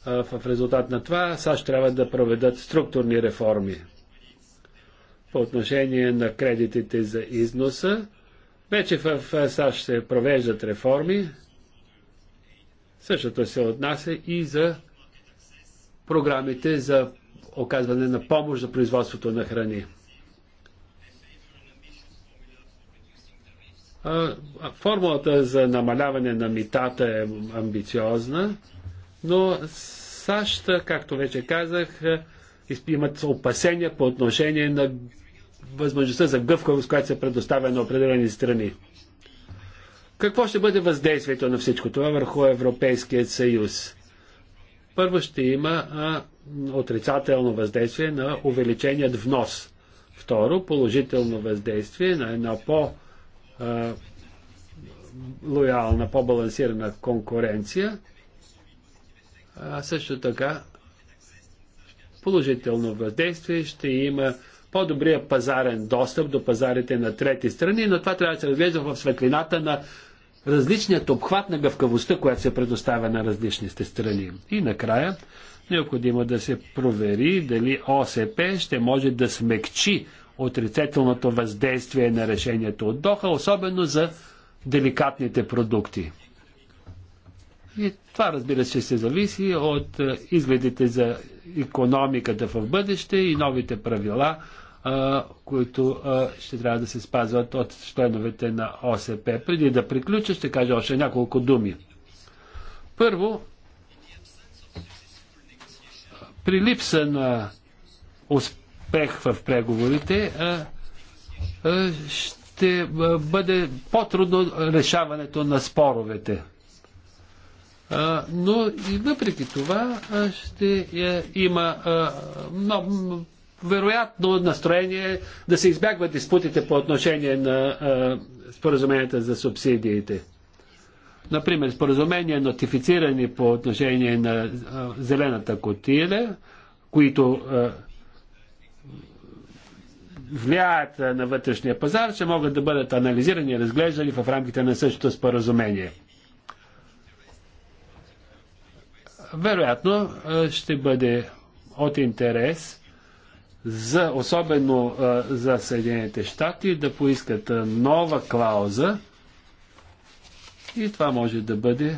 Е, в резултат на това САЩ трябва да проведат структурни реформи. По отношение на кредитите за износа, вече в САЩ се провеждат реформи. Същото се отнася и за програмите за оказване на помощ за производството на храни. Формулата за намаляване на митата е амбициозна, но САЩ, както вече казах, имат опасения по отношение на възможността за гъвкавост, която се предоставя на определени страни. Какво ще бъде въздействието на всичко това върху Европейският съюз? първо ще има а, отрицателно въздействие на увеличеният внос. Второ, положително въздействие на една по- а, лоялна, по-балансирана конкуренция. А също така положително въздействие ще има по-добрия пазарен достъп до пазарите на трети страни, но това трябва да се разглежда в светлината на различният обхват на гъвкавостта, която се предоставя на различните страни. И накрая, необходимо да се провери дали ОСП ще може да смекчи отрицателното въздействие на решението от Доха, особено за деликатните продукти. И това, разбира се, се зависи от е, изгледите за економиката в бъдеще и новите правила а, които а, ще трябва да се спазват от членовете на ОСП. Преди да приключа, ще кажа още няколко думи. Първо, при липса на успех в преговорите, а, а, ще бъде по-трудно решаването на споровете. А, но и въпреки това ще е, има много вероятно настроение да се избягват диспутите по отношение на а, споразуменията за субсидиите. Например, споразумения, нотифицирани по отношение на а, зелената котия, които а, влияят на вътрешния пазар, ще могат да бъдат анализирани и разглеждани в рамките на същото споразумение. Вероятно ще бъде от интерес за, особено за Съединените щати, да поискат нова клауза и това може да бъде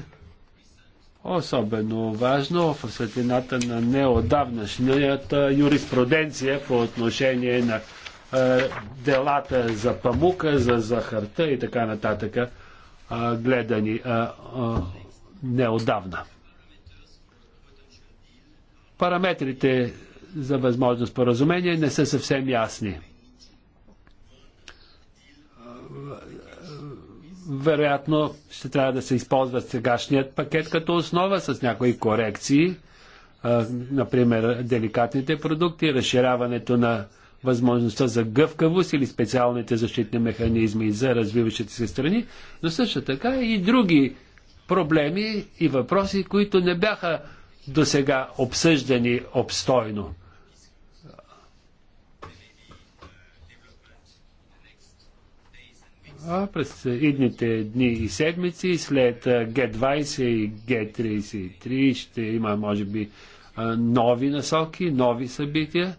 особено важно в светлината на неодавнашната юриспруденция по отношение на е, делата за памука, за захарта и така нататък, е, гледани е, е, неодавна. Параметрите за възможно споразумение не са съвсем ясни. Вероятно ще трябва да се използва сегашният пакет като основа с някои корекции, например деликатните продукти, разширяването на възможността за гъвкавост или специалните защитни механизми за развиващите се страни, но също така и други проблеми и въпроси, които не бяха до сега обсъждани обстойно. през идните дни и седмици, след Г20 и Г33 ще има, може би, нови насоки, нови събития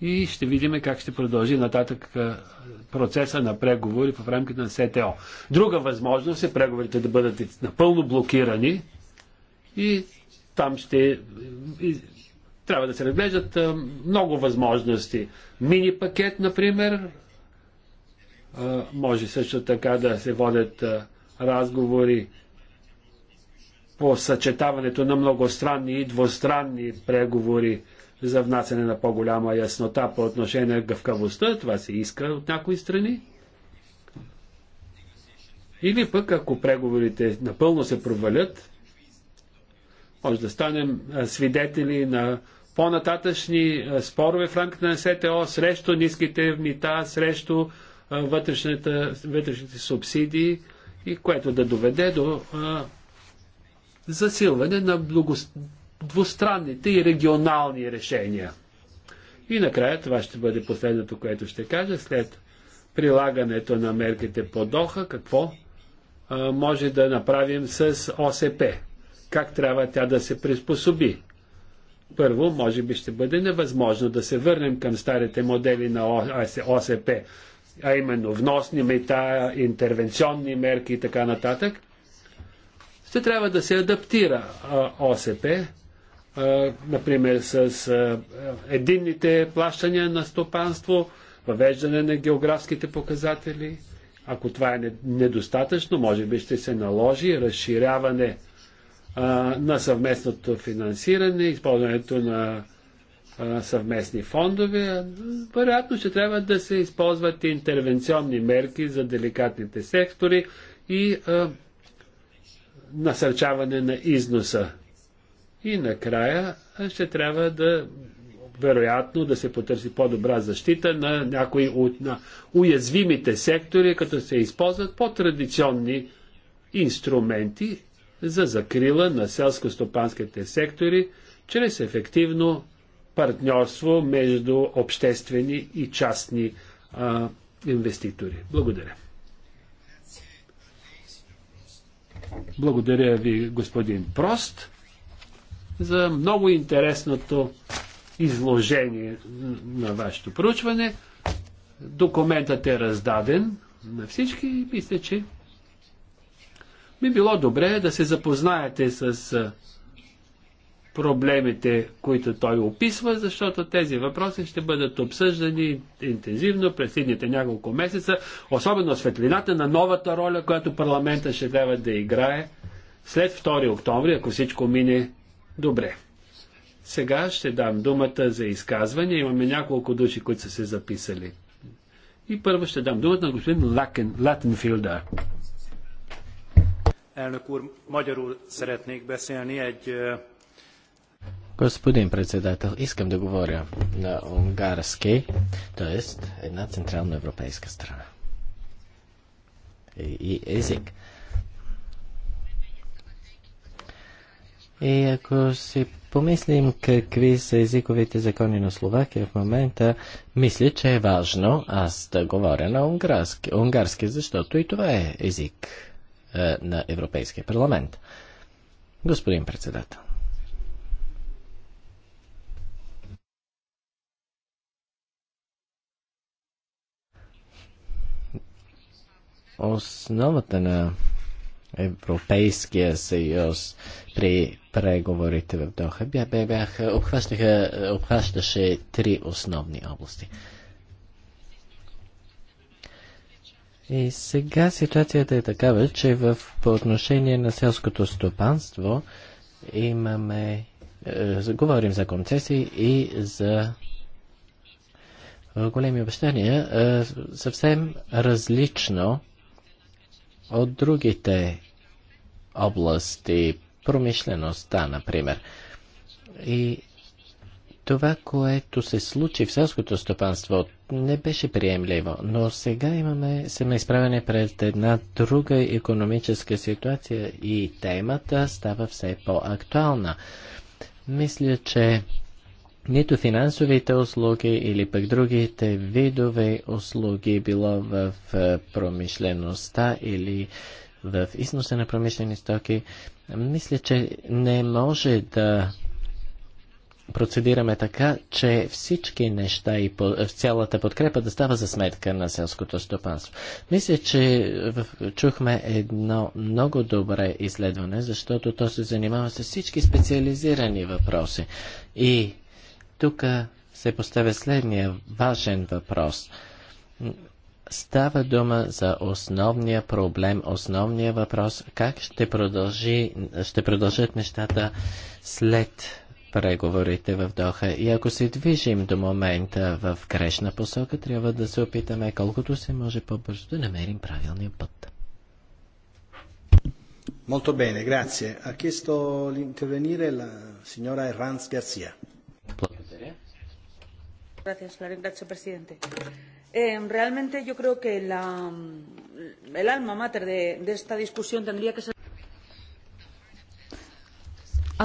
и ще видим как ще продължи нататък процеса на преговори в рамките на СТО. Друга възможност е преговорите да бъдат напълно блокирани и там ще трябва да се разглеждат много възможности. Мини пакет, например, може също така да се водят разговори по съчетаването на многостранни и двустранни преговори за внасяне на по-голяма яснота по отношение на гъвкавостта. Това се иска от някои страни. Или пък, ако преговорите напълно се провалят, може да станем свидетели на по-нататъчни спорове в рамките на СТО срещу ниските мита, срещу вътрешните субсидии и което да доведе до а, засилване на благо... двустранните и регионални решения. И накрая това ще бъде последното, което ще кажа след прилагането на мерките по Доха, какво а, може да направим с ОСП, как трябва тя да се приспособи. Първо, може би ще бъде невъзможно да се върнем към старите модели на ОСП, а именно вносни мета, интервенционни мерки и така нататък, ще трябва да се адаптира ОСП, например с единните плащания на стопанство, въвеждане на географските показатели. Ако това е недостатъчно, може би ще се наложи разширяване на съвместното финансиране, използването на съвместни фондове, вероятно ще трябва да се използват интервенционни мерки за деликатните сектори и а, насърчаване на износа. И накрая ще трябва да вероятно да се потърси по-добра защита на някои от на уязвимите сектори, като се използват по-традиционни инструменти за закрила на селско-стопанските сектори чрез ефективно партньорство между обществени и частни а, инвеститори. Благодаря. Благодаря ви, господин Прост, за много интересното изложение на вашето проучване. Документът е раздаден на всички и мисля, че би било добре да се запознаете с проблемите, които той описва, защото тези въпроси ще бъдат обсъждани интензивно през следните няколко месеца, особено светлината на новата роля, която парламента ще трябва да играе след 2 октомври, ако всичко мине добре. Сега ще дам думата за изказване. Имаме няколко души, които са се записали. И първо ще дам думата на господин Лакен, Латенфилда. Elnök úr, magyarul szeretnék beszélni egy Господин председател, искам да говоря на унгарски, т.е. една централно европейска страна. И, и език. И ако си помислим какви са езиковите закони на Словакия в момента, мисля, че е важно аз да говоря на унгарски, унгарски защото и това е език е, на Европейския парламент. Господин председател. основата на Европейския съюз при преговорите в Доха бяха, обхващаха, обхващаше три основни области. И сега ситуацията е такава, че в, по отношение на селското стопанство имаме, е, говорим за концесии и за големи обещания, е, съвсем различно от другите области, промишлеността, например. И това, което се случи в селското стопанство, не беше приемливо, но сега имаме, сме изправени пред една друга економическа ситуация и темата става все по-актуална. Мисля, че нито финансовите услуги или пък другите видове услуги, било в е, промишлеността или в износа на промишлени стоки, мисля, че не може да процедираме така, че всички неща и по, е, цялата подкрепа да става за сметка на селското стопанство. Мисля, че в, чухме едно много добре изследване, защото то се занимава с всички специализирани въпроси. И тук се поставя следния важен въпрос. Става дума за основния проблем, основния въпрос, как ще, продължи, ще продължат нещата след преговорите в Доха. И ако се движим до момента в грешна посока, трябва да се опитаме колкото се може по-бързо да намерим правилния път. Molto bene, grazie. Ha chiesto l'intervenire la signora Erranz Garcia. Gracias, gracias, presidente. Eh, realmente yo creo que la, el alma mater de, de esta discusión tendría que ser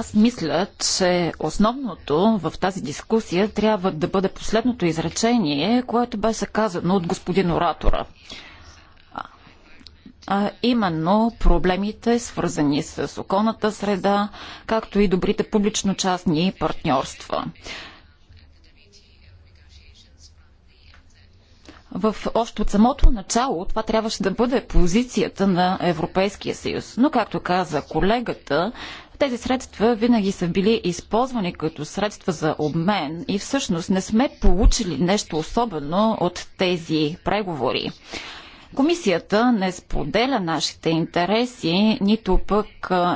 аз мисля, че основното в тази дискусия трябва да бъде последното изречение, което беше казано от господин оратора. А именно проблемите, свързани с околната среда, както и добрите публично-частни партньорства. в, още от самото начало това трябваше да бъде позицията на Европейския съюз. Но, както каза колегата, тези средства винаги са били използвани като средства за обмен и всъщност не сме получили нещо особено от тези преговори. Комисията не споделя нашите интереси, нито пък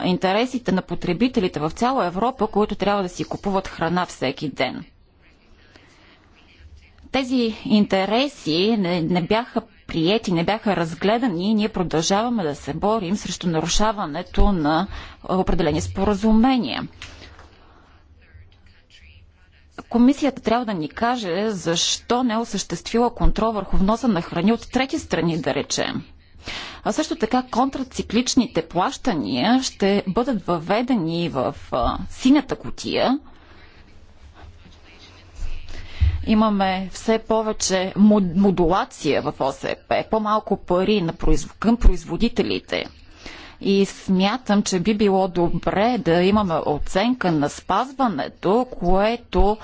интересите на потребителите в цяла Европа, които трябва да си купуват храна всеки ден тези интереси не, не бяха приети, не бяха разгледани и ние продължаваме да се борим срещу нарушаването на определени споразумения. Комисията трябва да ни каже защо не е осъществила контрол върху вноса на храни от трети страни, да речем. А също така контрацикличните плащания ще бъдат въведени в синята котия – Имаме все повече модулация в ОСП, по-малко пари на произв... към производителите. И смятам, че би било добре да имаме оценка на спазването, което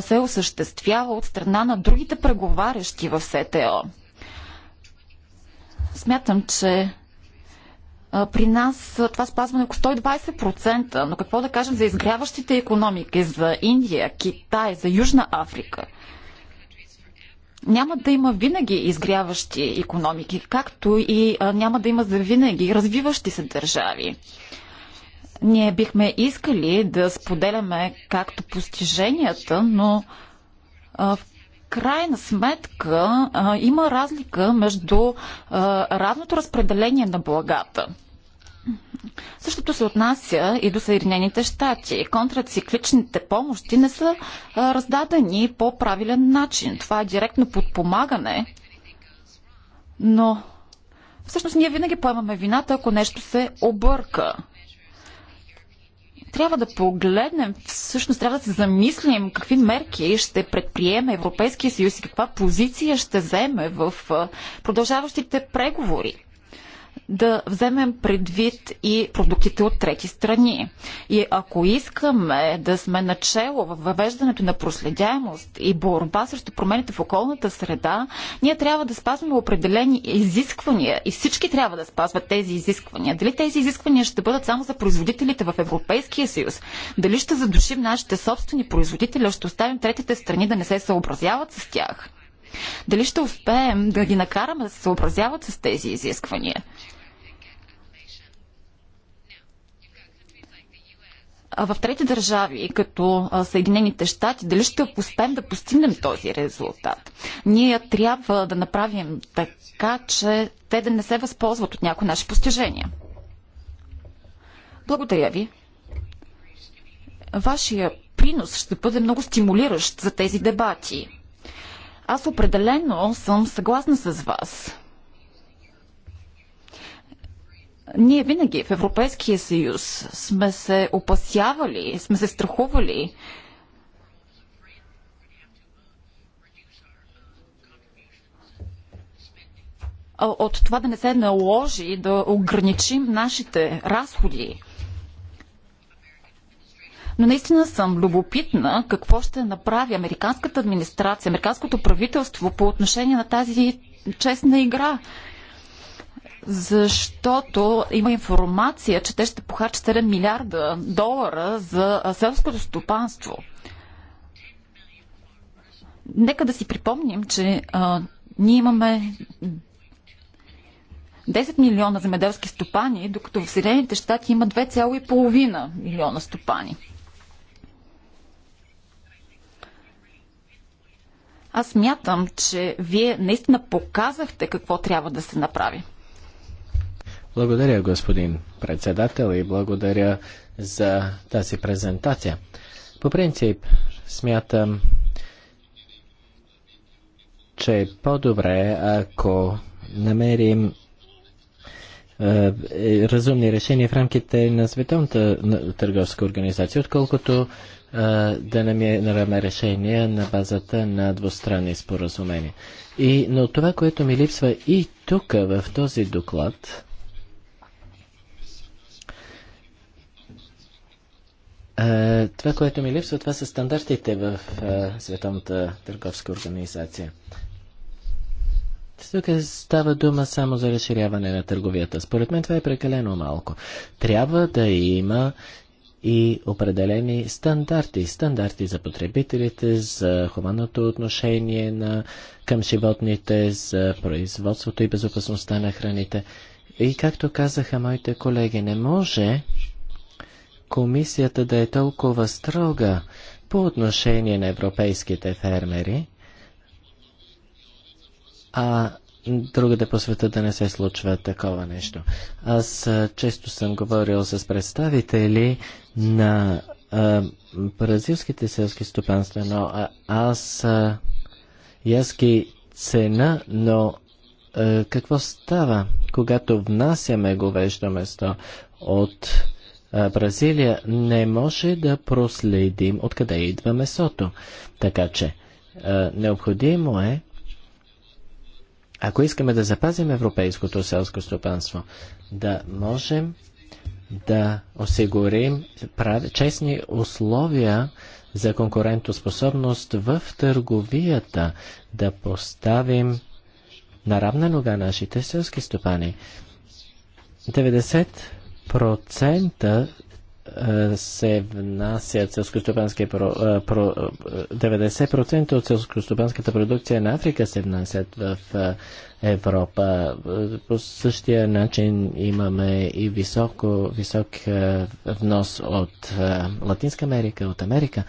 се осъществява от страна на другите преговарящи в СТО. Смятам, че при нас това спазване е 120%, но какво да кажем за изгряващите економики, за Индия, Китай, за Южна Африка? Няма да има винаги изгряващи економики, както и няма да има за винаги развиващи се държави. Ние бихме искали да споделяме както постиженията, но в крайна сметка а, има разлика между а, равното разпределение на благата. Същото се отнася и до Съединените щати. Контрацикличните помощи не са а, раздадени по правилен начин. Това е директно подпомагане, но всъщност ние винаги поемаме вината, ако нещо се обърка трябва да погледнем, всъщност трябва да се замислим какви мерки ще предприеме Европейския съюз и каква позиция ще вземе в продължаващите преговори да вземем предвид и продуктите от трети страни. И ако искаме да сме начало в въвеждането на проследяемост и борба срещу промените в околната среда, ние трябва да спазваме определени изисквания и всички трябва да спазват тези изисквания. Дали тези изисквания ще бъдат само за производителите в Европейския съюз? Дали ще задушим нашите собствени производители, ще оставим третите страни да не се съобразяват с тях? Дали ще успеем да ги накараме да се съобразяват с тези изисквания? в трети държави, като Съединените щати, дали ще успеем да постигнем този резултат. Ние трябва да направим така, че те да не се възползват от някои наши постижения. Благодаря ви. Вашия принос ще бъде много стимулиращ за тези дебати. Аз определено съм съгласна с вас. Ние винаги в Европейския съюз сме се опасявали, сме се страхували, от това да не се наложи да ограничим нашите разходи но наистина съм любопитна какво ще направи американската администрация, американското правителство по отношение на тази честна игра. Защото има информация, че те ще похарчат 7 милиарда долара за селското стопанство. Нека да си припомним, че а, ние имаме 10 милиона земеделски стопани, докато в Съединените щати има 2,5 милиона стопани. Аз мятам, че вие наистина показахте какво трябва да се направи. Благодаря, господин председател, и благодаря за тази презентация. По принцип, смятам, че е по-добре, ако намерим е, разумни решения в рамките на Световната търговска организация, отколкото да намираме решение на базата на двустранни споразумения. И, но това, което ми липсва и тук в този доклад, това, което ми липсва, това са стандартите в Световната търговска организация. Тук става дума само за разширяване на търговията. Според мен това е прекалено малко. Трябва да има и определени стандарти. Стандарти за потребителите, за хуманното отношение на, към животните, за производството и безопасността на храните. И както казаха моите колеги, не може комисията да е толкова строга по отношение на европейските фермери, а другаде по света да не се случва такова нещо. Аз често съм говорил с представители на а, бразилските селски стопанства, но а, аз а, аз ги цена, но а, какво става, когато внасяме говещо место от а, Бразилия, не може да проследим откъде идва месото. Така че, а, необходимо е ако искаме да запазим европейското селско стопанство, да можем да осигурим честни условия за конкурентоспособност в търговията, да поставим на равна нога нашите селски стопани. 90% е, се внасят селскостопански про, е, про, 90% е, от селскостопанската продукция на Африка се внасят в Европа. По същия начин имаме и високо, висок внос от Латинска Америка, от Америка.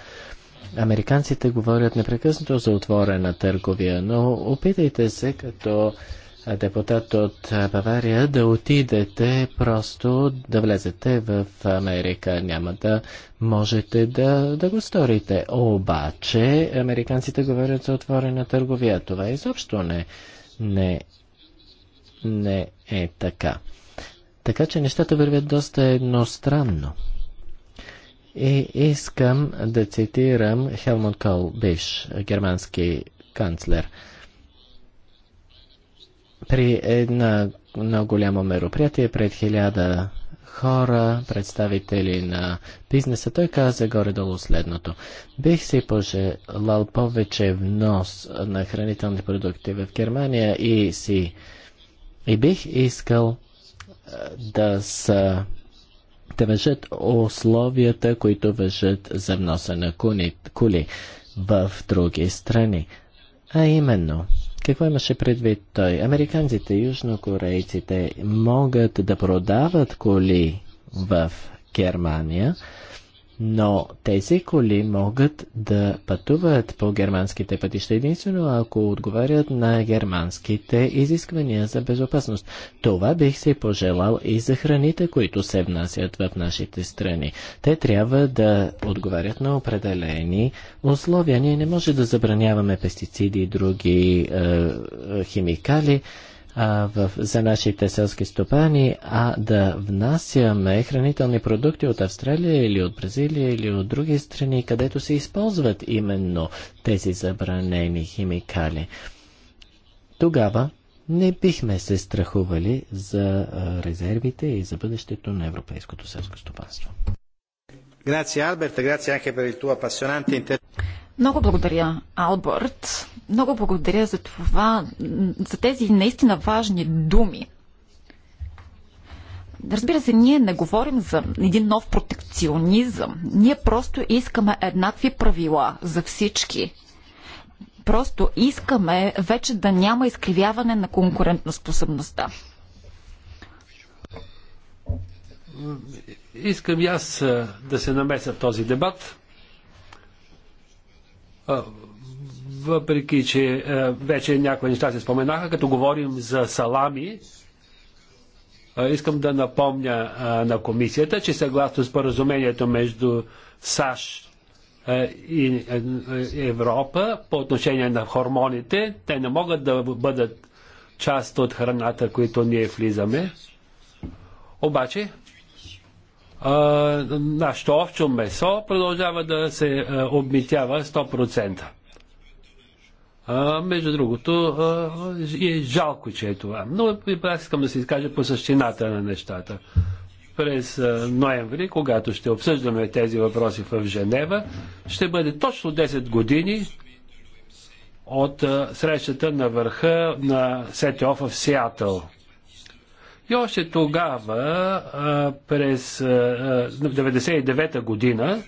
Американците говорят непрекъснато за отворена търговия, но опитайте се като депутат от Бавария, да отидете просто да влезете в Америка. Няма да можете да, да го сторите. Обаче, американците говорят за отворена търговия. Това изобщо не, не, не е така. Така че нещата вървят доста едностранно. И искам да цитирам Хелмут Кол, бивш германски канцлер – при една на голямо мероприятие пред хиляда хора, представители на бизнеса, той каза горе-долу следното. Бих си пожелал повече внос на хранителни продукти в Германия и си и бих искал да са да въжат условията, които въжат за вноса на кули в други страни. А именно, какво имаше предвид той? Американците, южнокорейците могат да продават коли в Германия, но тези коли могат да пътуват по германските пътища единствено ако отговарят на германските изисквания за безопасност. Това бих си пожелал и за храните, които се внасят в нашите страни. Те трябва да отговарят на определени условия. Ние не може да забраняваме пестициди и други е, е химикали в, за нашите селски стопани, а да внасяме хранителни продукти от Австралия или от Бразилия или от други страни, където се използват именно тези забранени химикали. Тогава не бихме се страхували за резервите и за бъдещето на европейското селско стопанство. Много благодаря, Албърт. Много благодаря за това, за тези наистина важни думи. Разбира се, ние не говорим за един нов протекционизъм. Ние просто искаме еднакви правила за всички. Просто искаме вече да няма изкривяване на конкурентоспособността. Искам и аз да се намеся в този дебат въпреки че вече някои неща се споменаха, като говорим за салами, искам да напомня на комисията, че съгласно споразумението между САЩ и Европа по отношение на хормоните, те не могат да бъдат част от храната, които ние влизаме. Обаче, нашето овчо месо продължава да се обмитява 100%. А, между другото, а, е жалко, че е това. Но аз искам да се изкажа по същината на нещата. През а, ноември, когато ще обсъждаме тези въпроси в Женева, ще бъде точно 10 години от а, срещата на върха на СТО в Сиатъл. И още тогава, през 1999 година,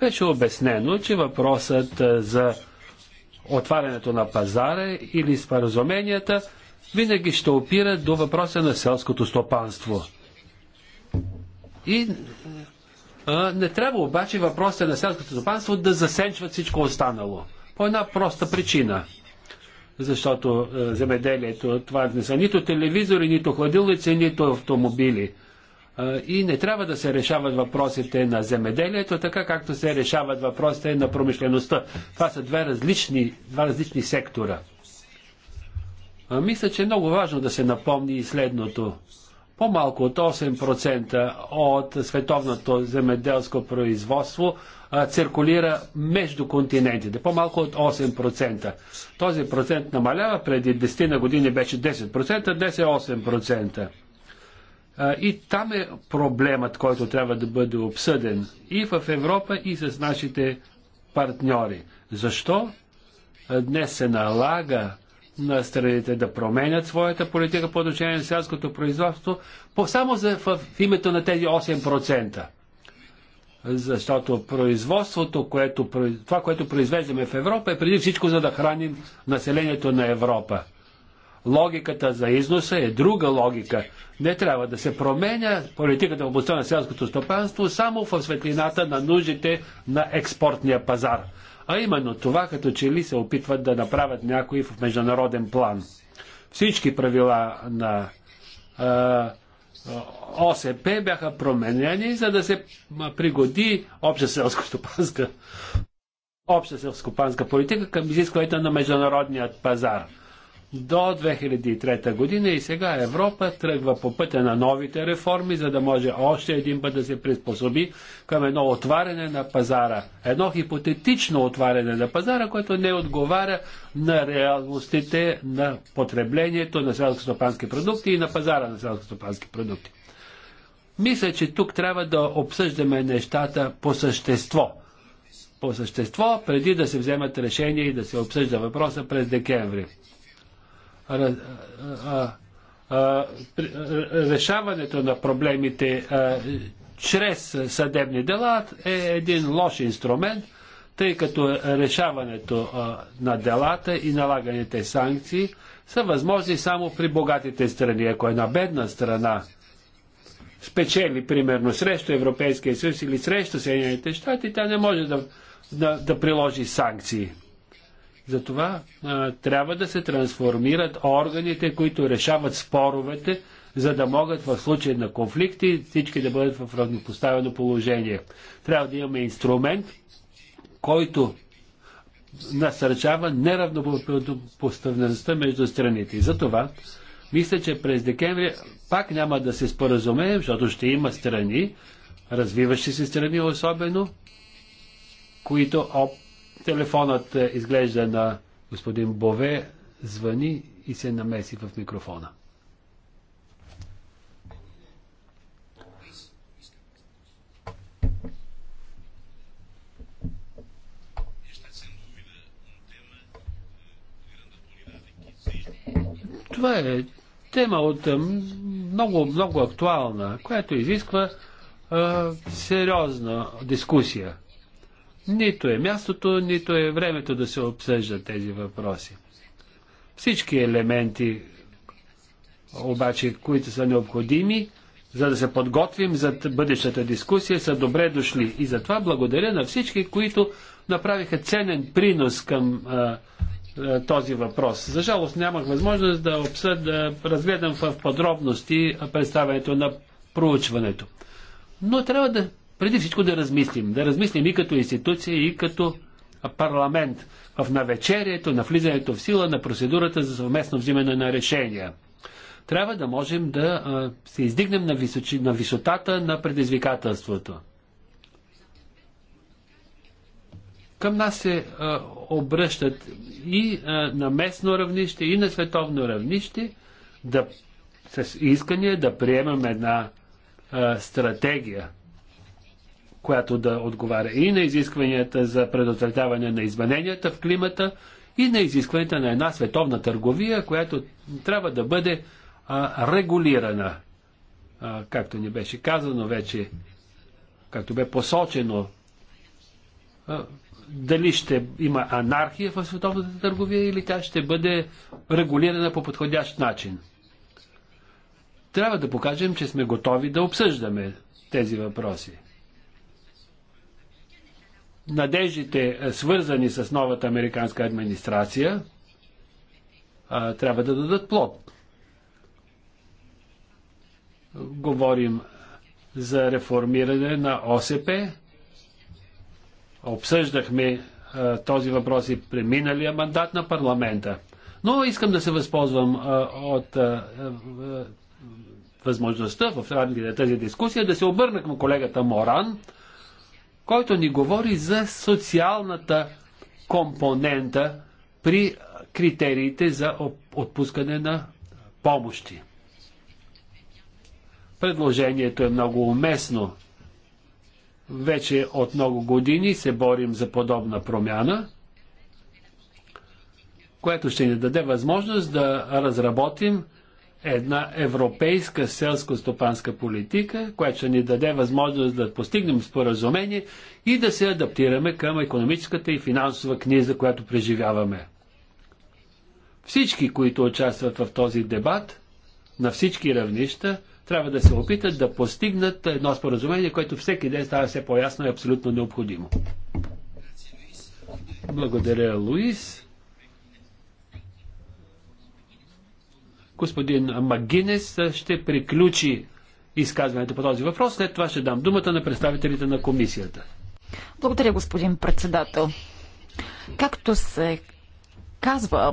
беше обяснено, че въпросът за отварянето на пазара или споразуменията винаги ще опира до въпроса на селското стопанство. И а, не трябва обаче въпроса на селското стопанство да засенчват всичко останало. По една проста причина – защото е, земеделието това не са нито телевизори, нито хладилници, нито автомобили. Е, и не трябва да се решават въпросите на земеделието, така както се решават въпросите на промишлеността. Това са две различни, два различни сектора. Е, мисля, че е много важно да се напомни и следното. По-малко от 8% от световното земеделско производство циркулира между континентите. По-малко от 8%. Този процент намалява. Преди 10 на години беше 10%, днес е 8%. и там е проблемът, който трябва да бъде обсъден и в Европа, и с нашите партньори. Защо днес се налага на страните да променят своята политика по отношение на селското производство по, само за, в, в името на тези 8%. Защото производството, което, това, което произвеждаме в Европа е преди всичко за да храним населението на Европа. Логиката за износа е друга логика. Не трябва да се променя политиката в областта на селското стопанство само в светлината на нуждите на експортния пазар. А именно това, като че ли се опитват да направят някои в международен план. Всички правила на а, ОСП бяха променени, за да се пригоди обща селско-стопанска обща селскопанска политика към изискването на международният пазар до 2003 година и сега Европа тръгва по пътя на новите реформи, за да може още един път да се приспособи към едно отваряне на пазара. Едно хипотетично отваряне на пазара, което не отговаря на реалностите на потреблението на селско-стопански продукти и на пазара на селско-стопански продукти. Мисля, че тук трябва да обсъждаме нещата по същество. По същество, преди да се вземат решения и да се обсъжда въпроса през декември решаването на проблемите чрез съдебни дела е един лош инструмент, тъй като решаването на делата и налаганите санкции са възможни само при богатите страни. Ако една бедна страна спечели, примерно, срещу Европейския съюз или срещу Съединените щати, тя не може да, да, да приложи санкции. Затова а, трябва да се трансформират органите, които решават споровете, за да могат в случай на конфликти всички да бъдат в равнопоставено положение. Трябва да имаме инструмент, който насърчава неравнопоставеността между страните. затова мисля, че през декември пак няма да се споразумеем, защото ще има страни, развиващи се страни особено, които Телефонът е, изглежда на господин Бове, звъни и се намеси в микрофона. Това е тема от е, много, много актуална, която изисква а, е, сериозна дискусия. Нито е мястото, нито е времето да се обсъждат тези въпроси. Всички елементи, обаче, които са необходими, за да се подготвим за бъдещата дискусия, са добре дошли. И затова благодаря на всички, които направиха ценен принос към а, а, този въпрос. За жалост нямах възможност да, обсъд, да разгледам в подробности представянето на проучването. Но трябва да преди всичко да размислим. Да размислим и като институция, и като парламент в навечерието, на влизането в сила на процедурата за съвместно взимане на решения. Трябва да можем да а, се издигнем на, височи, на висотата на предизвикателството. Към нас се а, обръщат и а, на местно равнище, и на световно равнище да, с искания да приемем една а, стратегия – която да отговаря и на изискванията за предотвратяване на измененията в климата, и на изискванията на една световна търговия, която трябва да бъде а, регулирана. А, както ни беше казано вече, както бе посочено, а, дали ще има анархия в световната търговия или тя ще бъде регулирана по подходящ начин. Трябва да покажем, че сме готови да обсъждаме тези въпроси надеждите, е, свързани с новата американска администрация, е, трябва да дадат плод. Говорим за реформиране на ОСП. Обсъждахме е, този въпрос и при миналия мандат на парламента. Но искам да се възползвам от възможността в рамките на тази дискусия да се обърна към колегата Моран, който ни говори за социалната компонента при критериите за отпускане на помощи. Предложението е много уместно. Вече от много години се борим за подобна промяна, което ще ни даде възможност да разработим една европейска селско-стопанска политика, която ще ни даде възможност да постигнем споразумение и да се адаптираме към економическата и финансова книза, която преживяваме. Всички, които участват в този дебат, на всички равнища, трябва да се опитат да постигнат едно споразумение, което всеки ден става все по-ясно и абсолютно необходимо. Благодаря, Луис. Господин Магинес ще приключи изказването по този въпрос. След това ще дам думата на представителите на комисията. Благодаря, господин председател. Както се казва,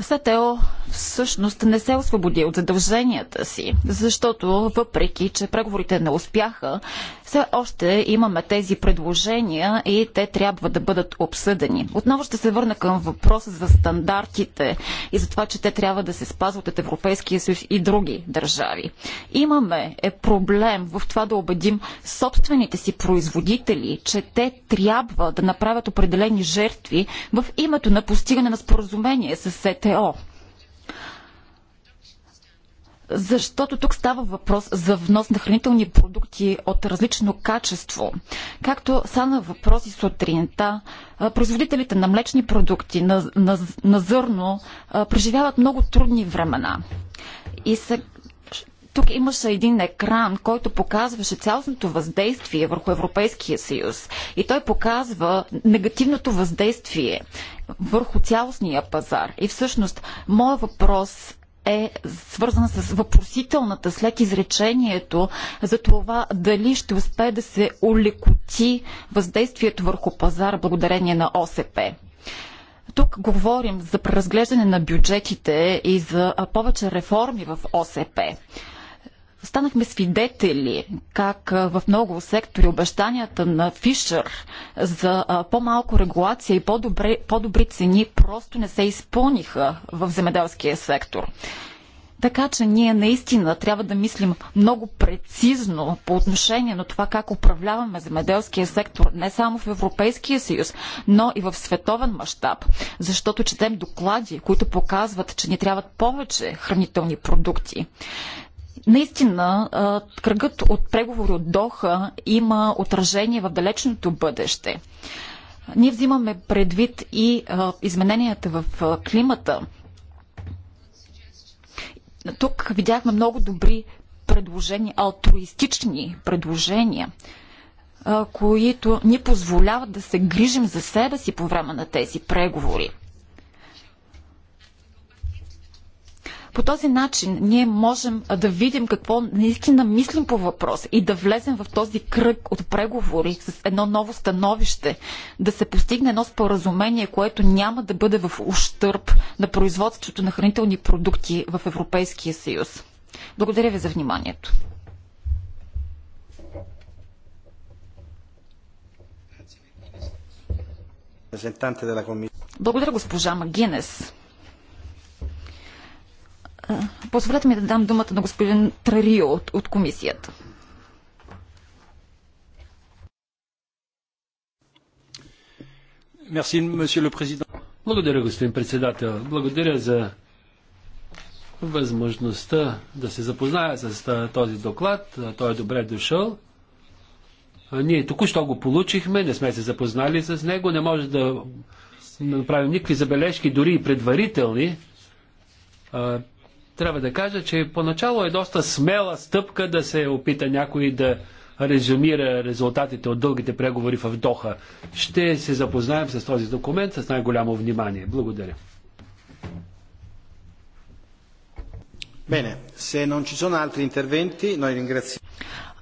Сатео всъщност не се освободи от задълженията си, защото въпреки, че преговорите не успяха, все още имаме тези предложения и те трябва да бъдат обсъдени. Отново ще се върна към въпроса за стандартите и за това, че те трябва да се спазват от Европейския съюз и други държави. Имаме е проблем в това да убедим собствените си производители, че те трябва да направят определени жертви в името на постигане на споразумение с СЕТ ВТО. Защото тук става въпрос за внос на хранителни продукти от различно качество. Както стана въпроси сутринта, производителите на млечни продукти, на, на, на зърно, преживяват много трудни времена. И сега тук имаше един екран, който показваше цялостното въздействие върху Европейския съюз. И той показва негативното въздействие върху цялостния пазар. И всъщност, моят въпрос е свързана с въпросителната след изречението за това дали ще успее да се улекоти въздействието върху пазара благодарение на ОСП. Тук говорим за преразглеждане на бюджетите и за повече реформи в ОСП. Станахме свидетели как в много сектори обещанията на Фишер за по-малко регулация и по-добри, по-добри цени просто не се изпълниха в земеделския сектор. Така че ние наистина трябва да мислим много прецизно по отношение на това как управляваме земеделския сектор не само в Европейския съюз, но и в световен мащаб, защото четем доклади, които показват, че ни трябват повече хранителни продукти наистина кръгът от преговори от Доха има отражение в далечното бъдеще. Ние взимаме предвид и измененията в климата. Тук видяхме много добри предложения, алтруистични предложения, които ни позволяват да се грижим за себе си по време на тези преговори. По този начин ние можем да видим какво наистина мислим по въпрос и да влезем в този кръг от преговори с едно ново становище, да се постигне едно споразумение, което няма да бъде в ущърп на производството на хранителни продукти в Европейския съюз. Благодаря ви за вниманието. Благодаря, госпожа Магинес. Позволете ми да дам думата на господин Трарио от, от комисията. Благодаря, господин председател. Благодаря за възможността да се запозная с този доклад. Той е добре дошъл. Ние току-що го получихме, не сме се запознали с него, не може да направим никакви забележки, дори и предварителни трябва да кажа, че поначало е доста смела стъпка да се опита някой да резюмира резултатите от дългите преговори в Доха. Ще се запознаем с този документ с най-голямо внимание. Благодаря. Bene, se non ci sono altri interventi, noi ringraziamo.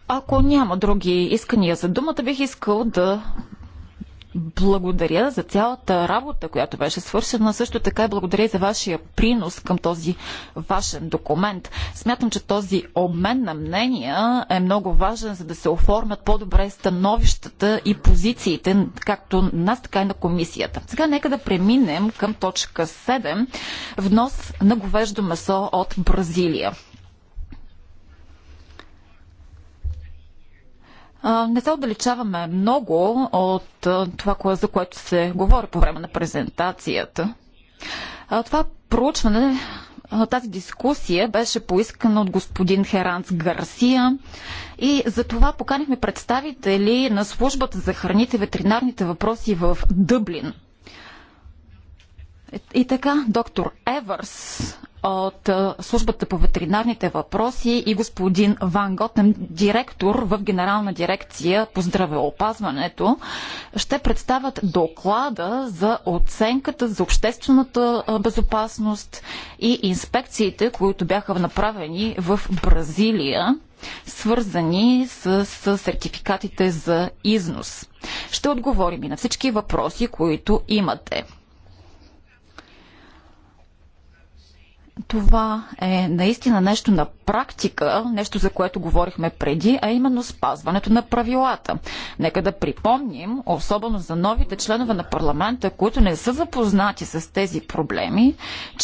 Ако няма други искания за думата, бих искал да благодаря за цялата работа, която беше свършена. Също така и благодаря и за вашия принос към този вашен документ. Смятам, че този обмен на мнения е много важен, за да се оформят по-добре становищата и позициите, както нас, така и на комисията. Сега нека да преминем към точка 7 внос на говеждо месо от Бразилия. Не се отдалечаваме много от това, за което се говори по време на презентацията. Това проучване, тази дискусия беше поискана от господин Херанс Гарсия и за това поканихме представители на службата за храните и ветеринарните въпроси в Дъблин. И така, доктор Еверс от службата по ветеринарните въпроси и господин Ван Готен, директор в Генерална дирекция по здравеопазването, ще представят доклада за оценката за обществената безопасност и инспекциите, които бяха направени в Бразилия свързани с, с сертификатите за износ. Ще отговорим и на всички въпроси, които имате. Това е наистина нещо на практика, нещо за което говорихме преди, а именно спазването на правилата. Нека да припомним, особено за новите членове на парламента, които не са запознати с тези проблеми,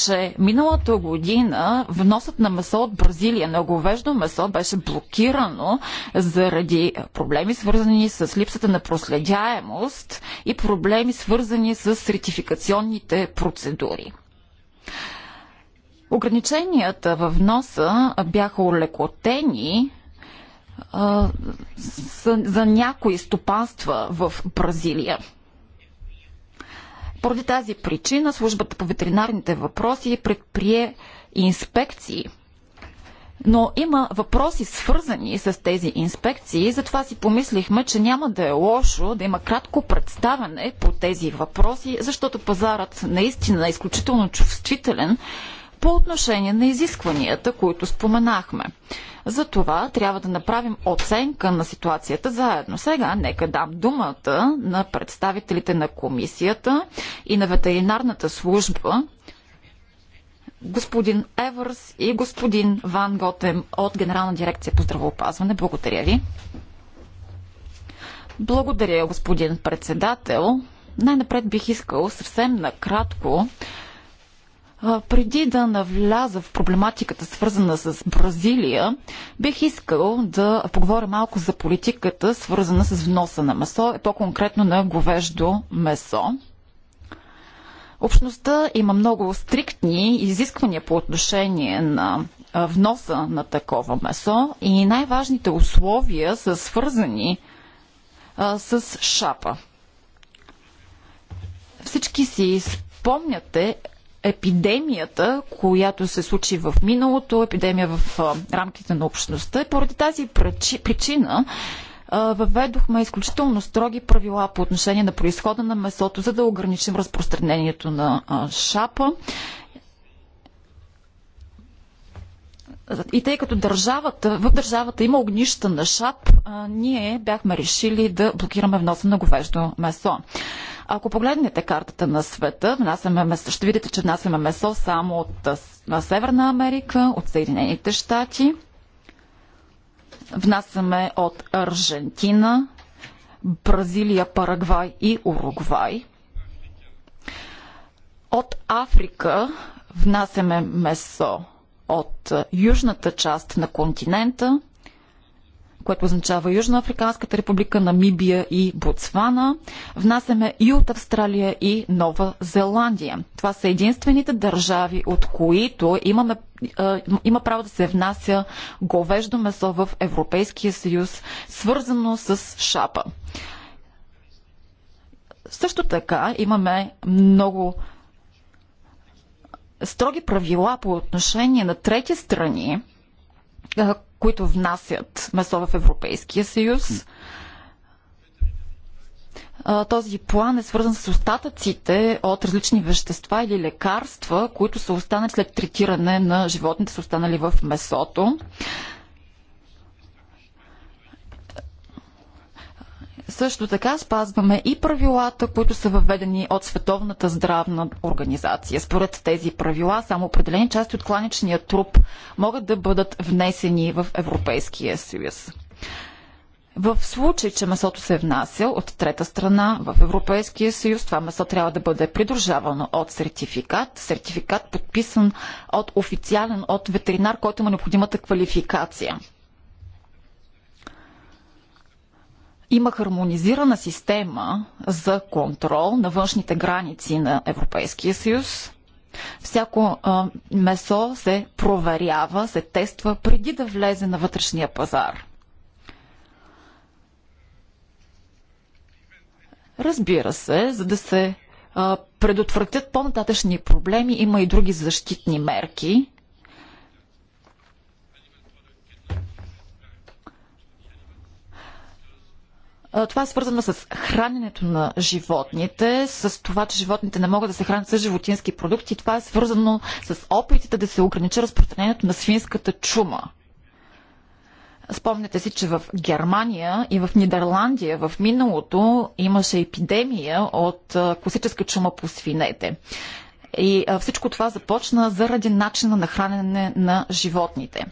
че миналата година вносът на месо от Бразилия на говеждо месо беше блокирано заради проблеми свързани с липсата на проследяемост и проблеми свързани с ретификационните процедури. Ограниченията във вноса бяха улекотени а, за, за някои стопанства в Бразилия. Поради тази причина службата по ветеринарните въпроси предприе инспекции. Но има въпроси свързани с тези инспекции, затова си помислихме, че няма да е лошо да има кратко представяне по тези въпроси, защото пазарът наистина е изключително чувствителен по отношение на изискванията, които споменахме. За това трябва да направим оценка на ситуацията заедно. Сега нека дам думата на представителите на комисията и на ветеринарната служба, господин Евърс и господин Ван Готем от Генерална дирекция по здравоопазване. Благодаря ви. Благодаря, господин председател. Най-напред бих искал съвсем накратко преди да навляза в проблематиката, свързана с Бразилия, бих искал да поговоря малко за политиката, свързана с вноса на месо и по-конкретно на говеждо месо. Общността има много стриктни изисквания по отношение на вноса на такова месо и най-важните условия са свързани а, с шапа. Всички си спомняте епидемията, която се случи в миналото, епидемия в рамките на общността. И поради тази причина въведохме изключително строги правила по отношение на происхода на месото, за да ограничим разпространението на шапа. И тъй като държавата, в държавата има огнища на шап, ние бяхме решили да блокираме вноса на говеждо месо. Ако погледнете картата на света, внасяме месо, ще видите, че внасяме месо само от на Северна Америка, от Съединените щати. Внасяме от Аржентина, Бразилия, Парагвай и Уругвай. От Африка внасяме месо от южната част на континента, което означава Южноафриканската република, Намибия и Ботсвана. Внасяме и от Австралия и Нова Зеландия. Това са единствените държави, от които имаме, има право да се внася говеждо месо в Европейския съюз, свързано с шапа. Също така имаме много строги правила по отношение на трети страни, които внасят месо в Европейския съюз. Този план е свързан с остатъците от различни вещества или лекарства, които са останали след третиране на животните, са останали в месото. Също така спазваме и правилата, които са въведени от Световната здравна организация. Според тези правила, само определени части от кланичния труп могат да бъдат внесени в Европейския съюз. В случай, че месото се е внася от трета страна в Европейския съюз, това месо трябва да бъде придружавано от сертификат. Сертификат подписан от официален, от ветеринар, който има необходимата квалификация. има хармонизирана система за контрол на външните граници на Европейския съюз. Всяко а, месо се проверява, се тества преди да влезе на вътрешния пазар. Разбира се, за да се а, предотвратят по-нататъчни проблеми, има и други защитни мерки, Това е свързано с храненето на животните, с това, че животните не могат да се хранят с животински продукти. Това е свързано с опитите да се ограничи разпространението на свинската чума. Спомняте си, че в Германия и в Нидерландия в миналото имаше епидемия от класическа чума по свинете. И всичко това започна заради начина на хранене на животните.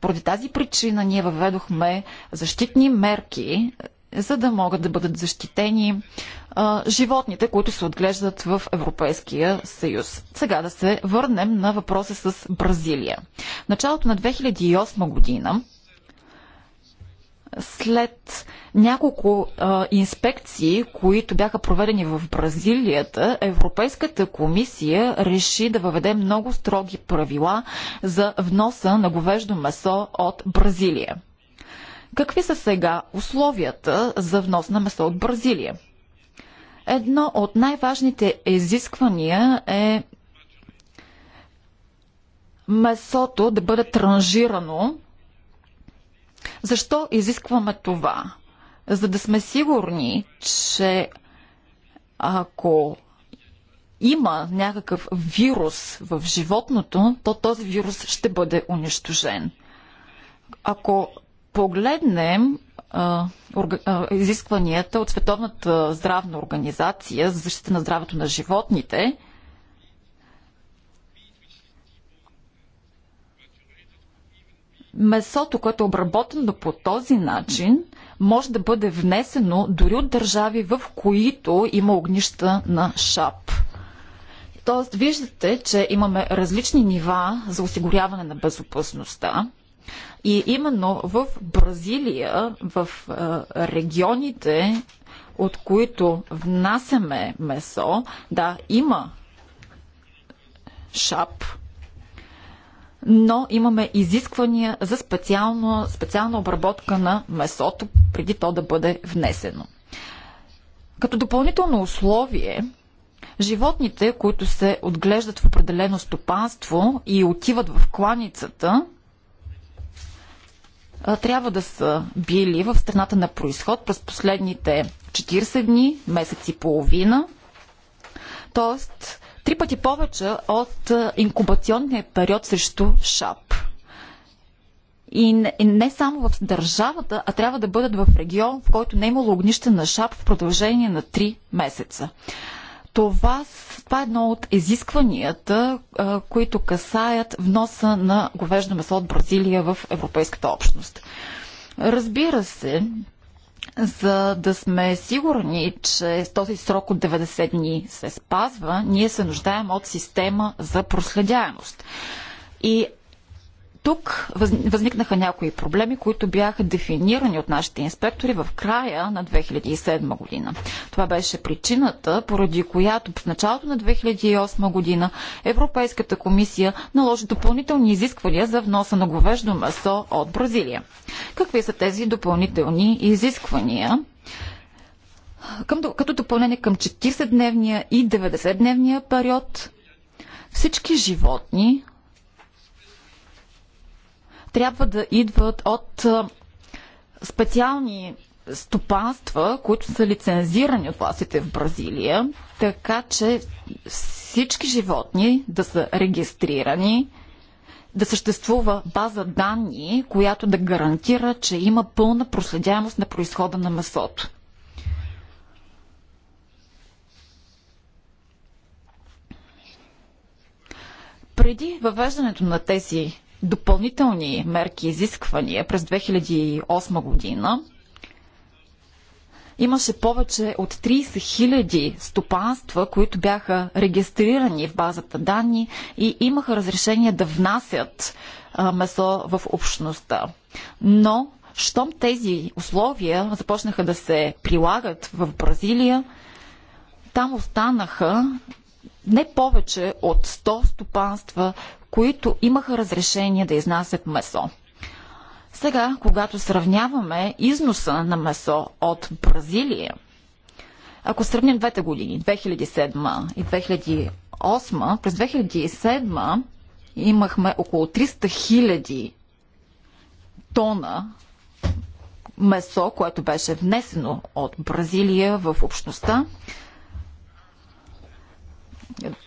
Поради тази причина ние въведохме защитни мерки за да могат да бъдат защитени а, животните, които се отглеждат в Европейския съюз. Сега да се върнем на въпроса с Бразилия. В началото на 2008 година, след няколко а, инспекции, които бяха проведени в Бразилията, Европейската комисия реши да въведе много строги правила за вноса на говеждо месо от Бразилия. Какви са сега условията за внос на месо от Бразилия? Едно от най-важните изисквания е месото да бъде транжирано. Защо изискваме това? За да сме сигурни, че ако има някакъв вирус в животното, то този вирус ще бъде унищожен. Ако погледнем изискванията от Световната здравна организация за защита на здравето на животните, месото, което е обработено по този начин, може да бъде внесено дори от държави, в които има огнища на шап. Тоест, виждате, че имаме различни нива за осигуряване на безопасността. И именно в Бразилия, в регионите, от които внасяме месо, да, има шап, но имаме изисквания за специална, специална обработка на месото преди то да бъде внесено. Като допълнително условие, животните, които се отглеждат в определено стопанство и отиват в кланицата, трябва да са били в страната на происход през последните 40 дни, месец и половина. Тоест, три пъти повече от инкубационния период срещу ШАП. И не, и не само в държавата, а трябва да бъдат в регион, в който не е имало огнище на ШАП в продължение на 3 месеца. Това, това е едно от изискванията, които касаят вноса на говеждо месо от Бразилия в Европейската общност. Разбира се, за да сме сигурни, че този срок от 90 дни се спазва, ние се нуждаем от система за проследяемост. И тук възникнаха някои проблеми, които бяха дефинирани от нашите инспектори в края на 2007 година. Това беше причината, поради която в началото на 2008 година Европейската комисия наложи допълнителни изисквания за вноса на говеждо месо от Бразилия. Какви са тези допълнителни изисквания? Към, като допълнение към 40-дневния и 90-дневния период всички животни, трябва да идват от специални стопанства, които са лицензирани от властите в Бразилия, така че всички животни да са регистрирани, да съществува база данни, която да гарантира, че има пълна проследяемост на происхода на месото. Преди въвеждането на тези допълнителни мерки и изисквания през 2008 година, имаше повече от 30 000 стопанства, които бяха регистрирани в базата данни и имаха разрешение да внасят месо в общността. Но, щом тези условия започнаха да се прилагат в Бразилия, там останаха не повече от 100 стопанства, които имаха разрешение да изнасят месо. Сега, когато сравняваме износа на месо от Бразилия, ако сравним двете години, 2007 и 2008, през 2007 имахме около 300 хиляди тона месо, което беше внесено от Бразилия в общността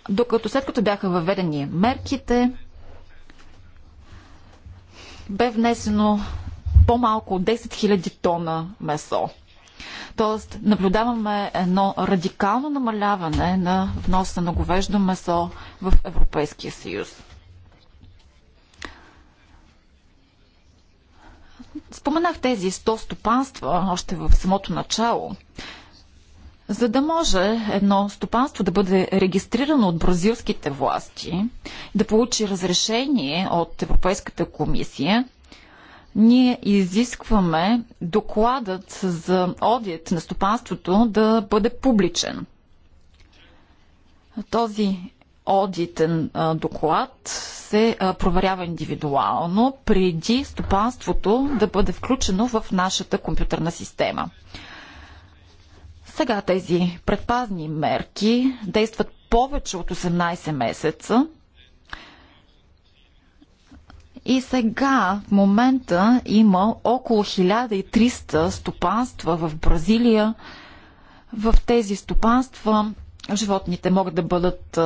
докато след като бяха въведени мерките, бе внесено по-малко от 10 000 тона месо. Тоест, наблюдаваме едно радикално намаляване на вноса на говеждо месо в Европейския съюз. Споменах тези 100 стопанства още в самото начало. За да може едно стопанство да бъде регистрирано от бразилските власти, да получи разрешение от Европейската комисия, ние изискваме докладът за одит на стопанството да бъде публичен. Този одитен доклад се проверява индивидуално преди стопанството да бъде включено в нашата компютърна система. Сега тези предпазни мерки действат повече от 18 месеца. И сега, в момента, има около 1300 стопанства в Бразилия. В тези стопанства животните могат да бъдат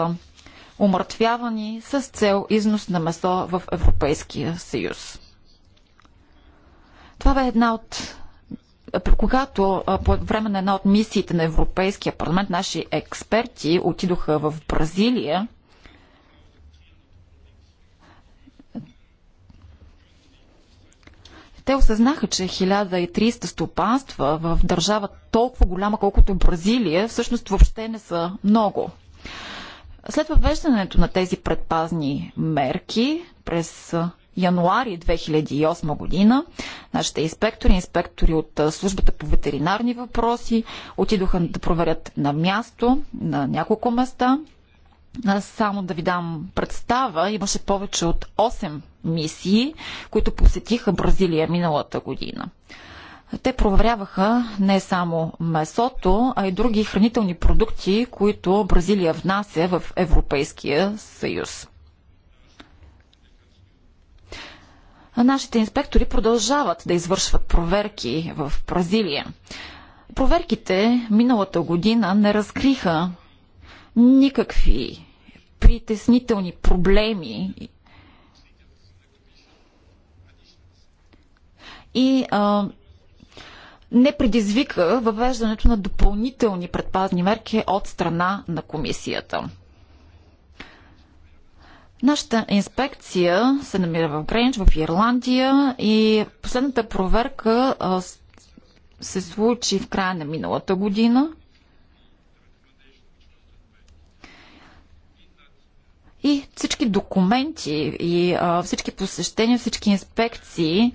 умъртвявани с цел износ на месо в Европейския съюз. Това бе една от когато по време на една от мисиите на Европейския парламент наши експерти отидоха в Бразилия, те осъзнаха, че 1300 стопанства в държава толкова голяма, колкото Бразилия, всъщност въобще не са много. След въвеждането на тези предпазни мерки през януари 2008 година нашите инспектори, инспектори от службата по ветеринарни въпроси, отидоха да проверят на място, на няколко места. Само да ви дам представа, имаше повече от 8 мисии, които посетиха Бразилия миналата година. Те проверяваха не само месото, а и други хранителни продукти, които Бразилия внася в Европейския съюз. Нашите инспектори продължават да извършват проверки в Бразилия. Проверките миналата година не разкриха никакви притеснителни проблеми и а, не предизвика въвеждането на допълнителни предпазни мерки от страна на комисията. Нашата инспекция се намира в Гренч, в Ирландия и последната проверка а, се случи в края на миналата година. И всички документи и а, всички посещения, всички инспекции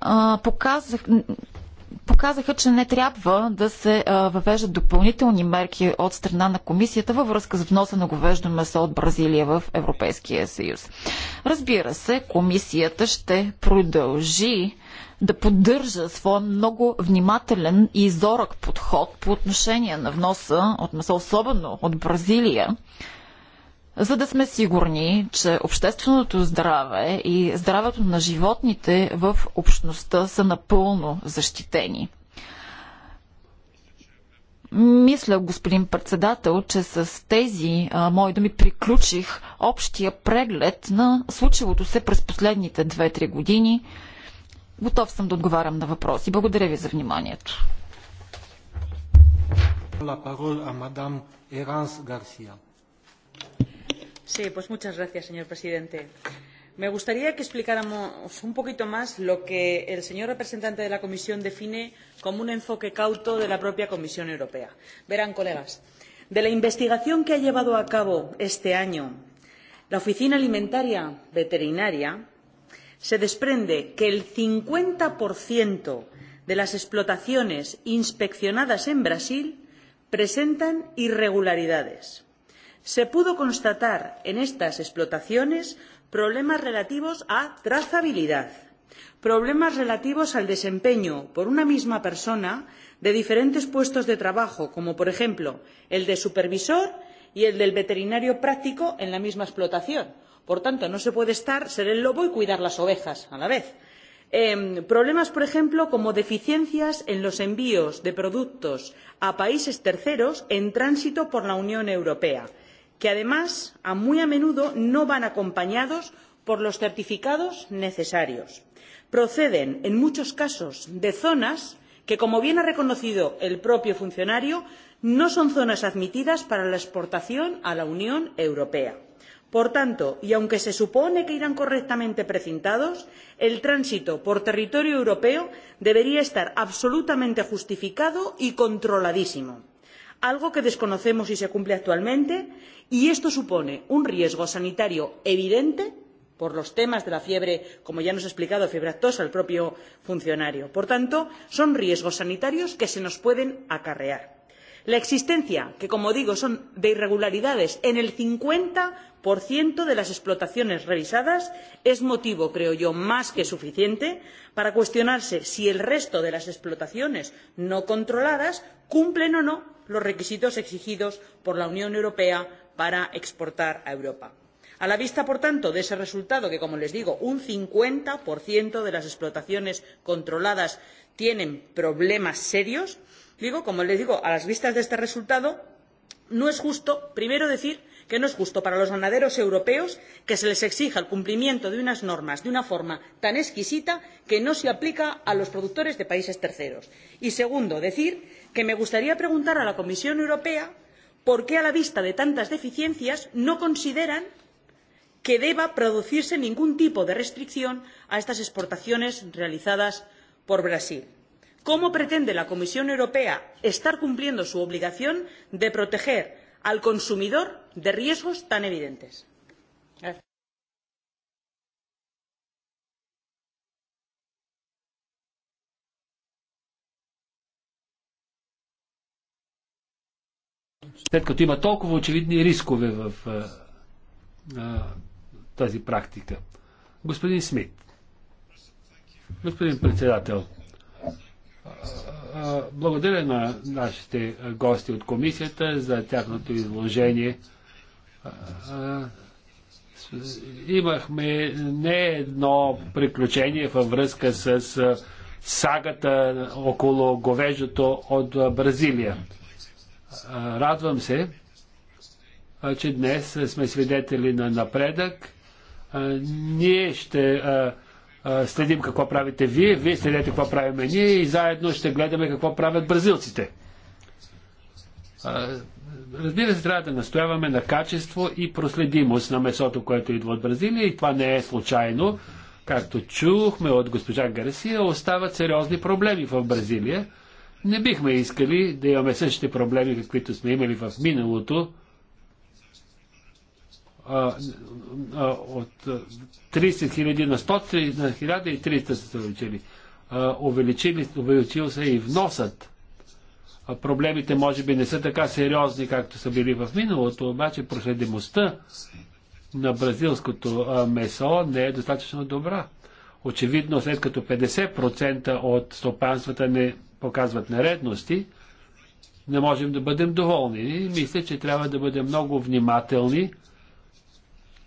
а, показах, показаха, че не трябва да се въвеждат допълнителни мерки от страна на комисията във връзка с вноса на говеждо месо от Бразилия в Европейския съюз. Разбира се, комисията ще продължи да поддържа своя много внимателен и зорък подход по отношение на вноса от месо, особено от Бразилия, за да сме сигурни, че общественото здраве и здравето на животните в общността са напълно защитени. Мисля, господин председател, че с тези а, мои думи приключих общия преглед на случилото се през последните 2-3 години. Готов съм да отговарям на въпроси. Благодаря ви за вниманието. La parole à Madame Erance Garcia señor presidente me gustaría que explicáramos un poquito más lo que el señor representante de la comisión define como un enfoque cauto de la propia comisión europea. verán colegas de la investigación que ha llevado a cabo este año la oficina alimentaria veterinaria se desprende que el cincuenta de las explotaciones inspeccionadas en brasil presentan irregularidades se pudo constatar en estas explotaciones problemas relativos a trazabilidad, problemas relativos al desempeño por una misma persona de diferentes puestos de trabajo, como por ejemplo el de supervisor y el del veterinario práctico en la misma explotación. Por tanto, no se puede estar, ser el lobo y cuidar las ovejas a la vez. problemas, por ejemplo, como deficiencias en los envíos de productos a países terceros en tránsito por la Unión Europea que además muy a menudo no van acompañados por los certificados necesarios. Proceden, en muchos casos, de zonas que, como bien ha reconocido el propio funcionario, no son zonas admitidas para la exportación a la Unión Europea. Por tanto, y aunque se supone que irán correctamente precintados, el tránsito por territorio europeo debería estar absolutamente justificado y controladísimo algo que desconocemos si se cumple actualmente y esto supone un riesgo sanitario evidente por los temas de la fiebre, como ya nos ha explicado, fiebre actosa el propio funcionario. Por tanto, son riesgos sanitarios que se nos pueden acarrear. La existencia, que como digo, son de irregularidades en el cincuenta de las explotaciones revisadas, es motivo, creo yo, más que suficiente para cuestionarse si el resto de las explotaciones no controladas cumplen o no los requisitos exigidos por la unión europea para exportar a europa. a la vista por tanto de ese resultado que como les digo un cincuenta de las explotaciones controladas tienen problemas serios como les digo a las vistas de este resultado no es justo primero decir que no es justo para los ganaderos europeos que se les exija el cumplimiento de unas normas de una forma tan exquisita que no se aplica a los productores de países terceros y segundo decir que me gustaría preguntar a la Comisión Europea por qué, a la vista de tantas deficiencias, no consideran que deba producirse ningún tipo de restricción a estas exportaciones realizadas por Brasil. ¿Cómo pretende la Comisión Europea estar cumpliendo su obligación de proteger al consumidor de riesgos tan evidentes? Gracias. след като има толкова очевидни рискове в а, а, тази практика. Господин Смит. Господин председател, благодаря на нашите гости от комисията за тяхното изложение. Имахме не едно приключение във връзка с сагата около говеждото от Бразилия. Радвам се, че днес сме свидетели на напредък. Ние ще следим какво правите вие, вие следите какво правиме ние и заедно ще гледаме какво правят бразилците. Разбира се, трябва да настояваме на качество и проследимост на месото, което идва от Бразилия и това не е случайно. Както чухме от госпожа Гарсия, остават сериозни проблеми в Бразилия не бихме искали да имаме същите проблеми, каквито сме имали в миналото. А, а, от 30 000 на 100 на 1300 са увеличили. А, увеличили. Увеличил се и вносът. А, проблемите може би не са така сериозни, както са били в миналото, обаче проследимостта на бразилското месо не е достатъчно добра. Очевидно, след като 50% от стопанствата не показват нередности, не можем да бъдем доволни. И мисля, че трябва да бъдем много внимателни.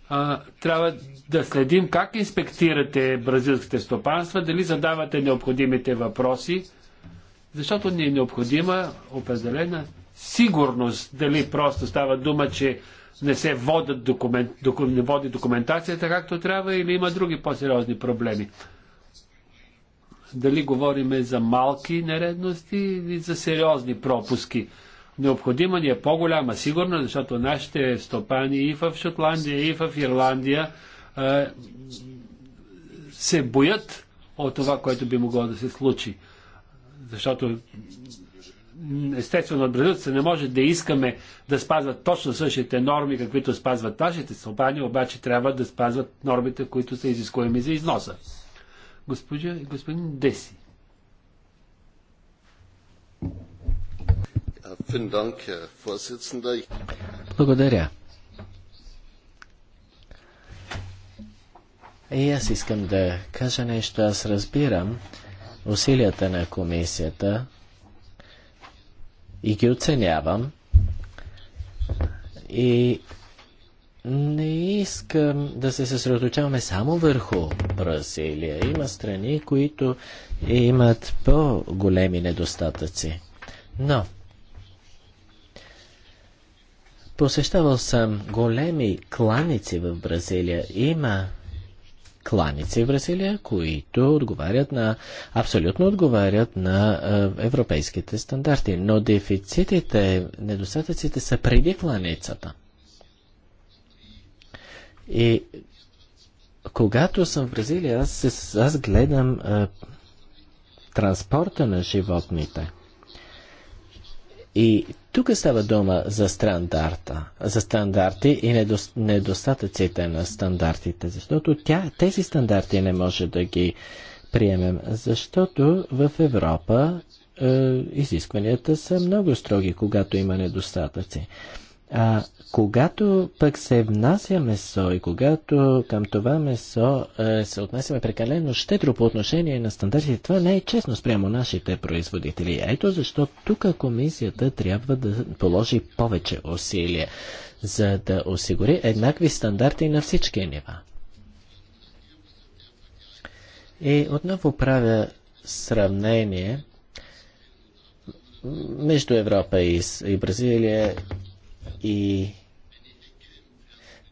А, трябва да следим как инспектирате бразилските стопанства, дали задавате необходимите въпроси, защото ни е необходима определена сигурност, дали просто става дума, че не се водят документ, докум, не води документацията както трябва или има други по-сериозни проблеми дали говориме за малки нередности или за сериозни пропуски. Необходима ни е по-голяма сигурна, защото нашите стопани и в Шотландия, и в Ирландия е, се боят от това, което би могло да се случи. Защото естествено от се не може да искаме да спазват точно същите норми, каквито спазват нашите стопани, обаче трябва да спазват нормите, които са изискуеми за износа. Госпожа и господин Деси. Благодаря. И аз искам да кажа нещо. Аз разбирам усилията на комисията и ги оценявам. И не искам да се съсредоточаваме само върху Бразилия. Има страни, които имат по-големи недостатъци. Но, посещавал съм големи кланици в Бразилия. Има кланици в Бразилия, които отговарят на, абсолютно отговарят на европейските стандарти. Но дефицитите, недостатъците са преди кланицата. И когато съм в Бразилия, аз, аз гледам а, транспорта на животните. И тук става дума за стандарта, за стандарти и недостатъците на стандартите, защото тя, тези стандарти не може да ги приемем, защото в Европа е, изискванията са много строги, когато има недостатъци. А, когато пък се внася месо и когато към това месо е, се отнасяме прекалено щедро по отношение на стандартите, това не е честно спрямо нашите производители. Ето защо тук комисията трябва да положи повече усилия, за да осигури еднакви стандарти на всички нива. И отново правя сравнение между Европа и, и Бразилия и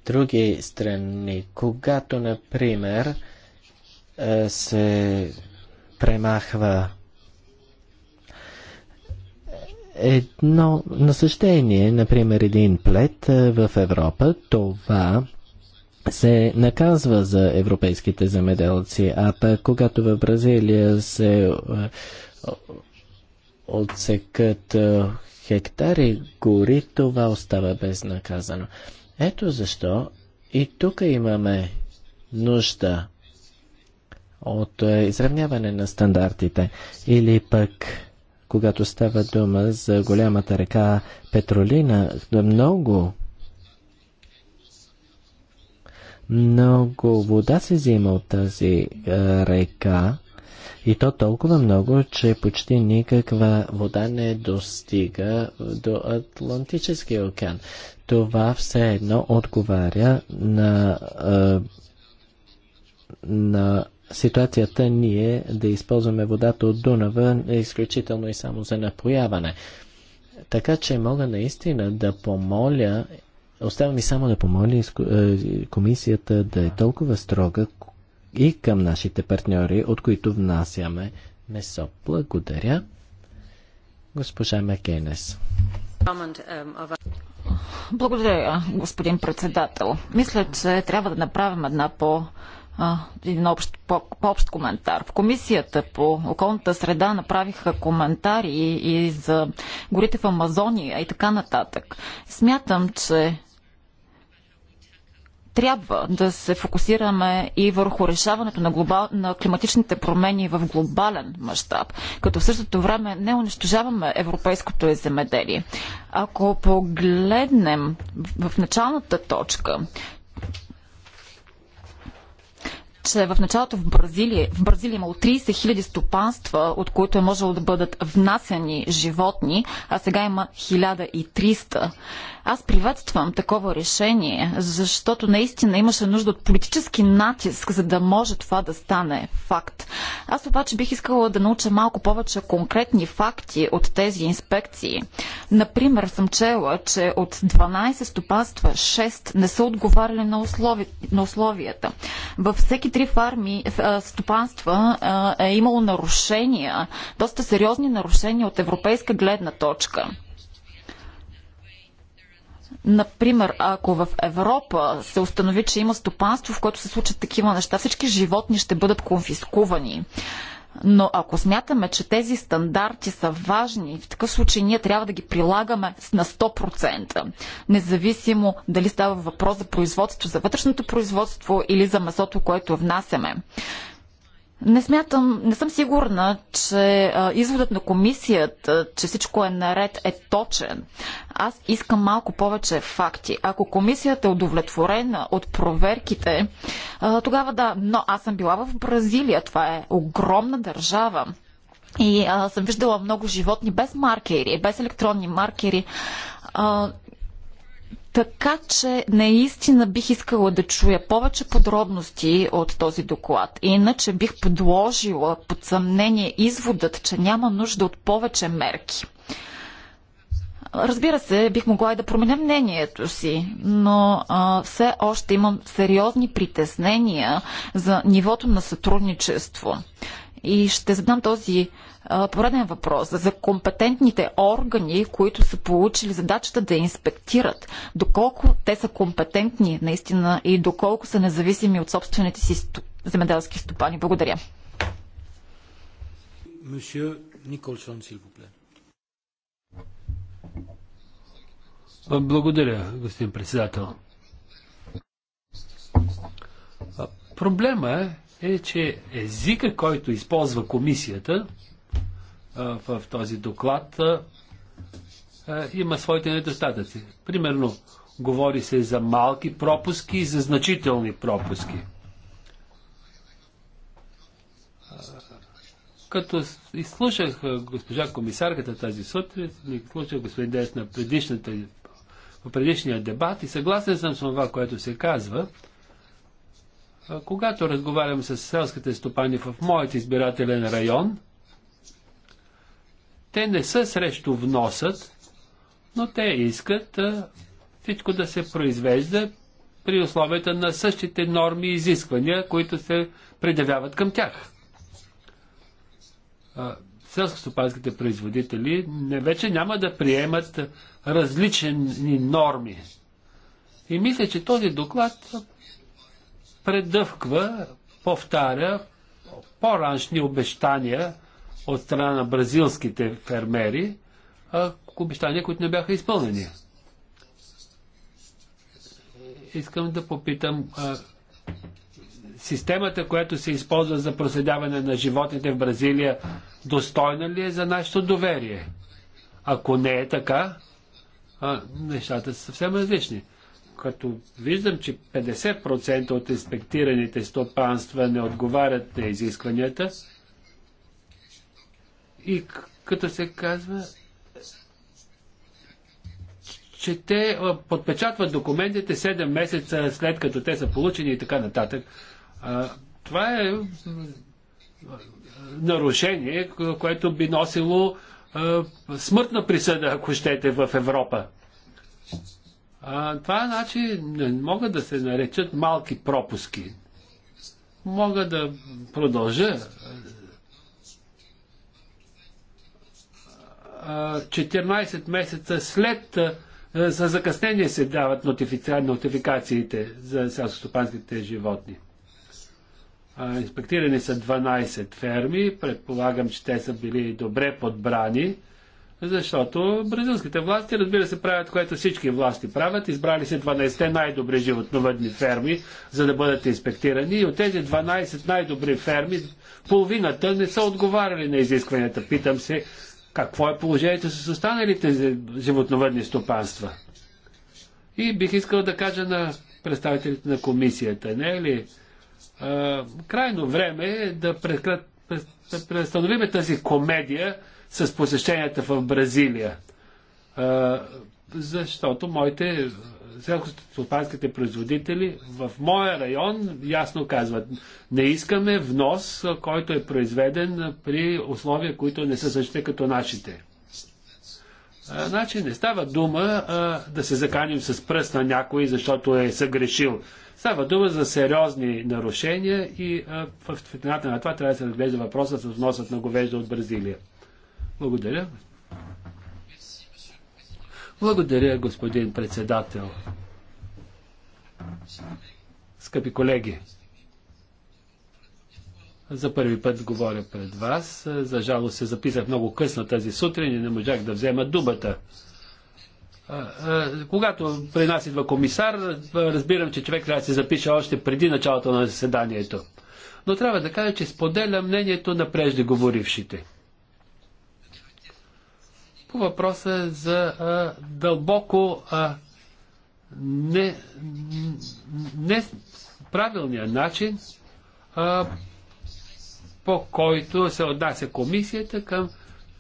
други страни, когато, например, е, се премахва едно насъщение, например един плед е, в Европа, това се наказва за европейските земеделци, а пък когато в Бразилия се е, отсекат хектари гори, това остава безнаказано. Ето защо и тук имаме нужда от е, изравняване на стандартите или пък когато става дума за голямата река Петролина, много много вода се взима от тази е, река и то толкова много, че почти никаква вода не достига до Атлантическия океан. Това все едно отговаря на, е, на ситуацията ние да използваме водата от Дунава изключително и само за напояване. Така че мога наистина да помоля, остава ми само да помоля е, комисията да е толкова строга, и към нашите партньори, от които внасяме месо. Благодаря. Госпожа Макенес. Благодаря, господин председател. Мисля, че трябва да направим една по един общ, по, по общ коментар. В комисията по околната среда направиха коментари и, и за горите в Амазония и така нататък. Смятам, че трябва да се фокусираме и върху решаването на, глобал, на климатичните промени в глобален мащаб, като в същото време не унищожаваме европейското земеделие. Ако погледнем в началната точка, че в началото в Бразилия, в Бразилия имало 30 000 стопанства, от които е можело да бъдат внасяни животни, а сега има 1300. Аз приветствам такова решение, защото наистина имаше нужда от политически натиск, за да може това да стане факт. Аз обаче бих искала да науча малко повече конкретни факти от тези инспекции. Например, съм чела, че от 12 стопанства 6 не са отговаряли на, услови... на условията. Във всеки три фарми е, стопанства е имало нарушения, доста сериозни нарушения от европейска гледна точка. Например, ако в Европа се установи, че има стопанство, в което се случат такива неща, всички животни ще бъдат конфискувани. Но ако смятаме, че тези стандарти са важни, в такъв случай ние трябва да ги прилагаме на 100%. Независимо дали става въпрос за производство, за вътрешното производство или за месото, което внасяме. Не смятам, не съм сигурна, че а, изводът на комисията, че всичко е наред, е точен. Аз искам малко повече факти. Ако комисията е удовлетворена от проверките, а, тогава да, но аз съм била в Бразилия. Това е огромна държава. И а, съм виждала много животни без маркери, без електронни маркери. А, така че наистина бих искала да чуя повече подробности от този доклад. Иначе бих подложила под съмнение изводът, че няма нужда от повече мерки. Разбира се, бих могла и да променя мнението си, но а, все още имам сериозни притеснения за нивото на сътрудничество. И ще задам този пореден въпрос за компетентните органи, които са получили задачата да инспектират. Доколко те са компетентни наистина и доколко са независими от собствените си земеделски стопани. Благодаря. Николсон, Благодаря, господин председател. Проблема е, е, че езика, който използва комисията в този доклад, има своите недостатъци. Примерно, говори се за малки пропуски и за значителни пропуски. Като изслушах госпожа комисарката тази сутрин, изслушах господин Дес на предишната, предишния дебат и съгласен съм с това, което се казва, когато разговарям с селските стопани в моят избирателен район, те не са срещу вносът, но те искат всичко да се произвежда при условията на същите норми и изисквания, които се предявяват към тях. Селскостопанските производители не, вече няма да приемат различни норми. И мисля, че този доклад предъвква, повтаря по-раншни обещания от страна на бразилските фермери, обещания, които не бяха изпълнени. Искам да попитам а, системата, която се използва за проследяване на животните в Бразилия, достойна ли е за нашето доверие? Ако не е така, а, нещата са съвсем различни като виждам, че 50% от инспектираните стопанства не отговарят на изискванията, и като се казва, че те подпечатват документите 7 месеца след като те са получени и така нататък. Това е нарушение, което би носило смъртна присъда, ако щете, в Европа. А, това значи не могат да се наречат малки пропуски. Мога да продължа. А, 14 месеца след за закъснение се дават нотификациите за селскостопанските животни. А, инспектирани са 12 ферми. Предполагам, че те са били добре подбрани защото бразилските власти, разбира се, правят което всички власти правят. Избрали се 12-те най-добри животновъдни ферми, за да бъдат инспектирани. И от тези 12 най-добри ферми, половината не са отговаряли на изискванията. Питам се, какво е положението с останалите животновъдни стопанства? И бих искал да кажа на представителите на комисията, не е ли? А, крайно време е да прекрат, престановиме тази комедия, с посещенията в Бразилия. Защото моите селско-стопанските производители в моя район ясно казват, не искаме внос, който е произведен при условия, които не са същите като нашите. А, значи не става дума а, да се заканим с пръст на някой, защото е съгрешил. Става дума за сериозни нарушения и а, в светлината на това трябва да се разглежда въпроса с вносът на говежда от Бразилия. Благодаря. Благодаря, господин председател. Скъпи колеги, за първи път говоря пред вас. За жалост се записах много късно тази сутрин и не можах да взема думата. Когато при нас идва комисар, разбирам, че човек трябва да се запише още преди началото на заседанието. Но трябва да кажа, че споделя мнението на преждеговорившите по въпроса за а, дълбоко а, не, не правилния начин, а, по който се отнася комисията към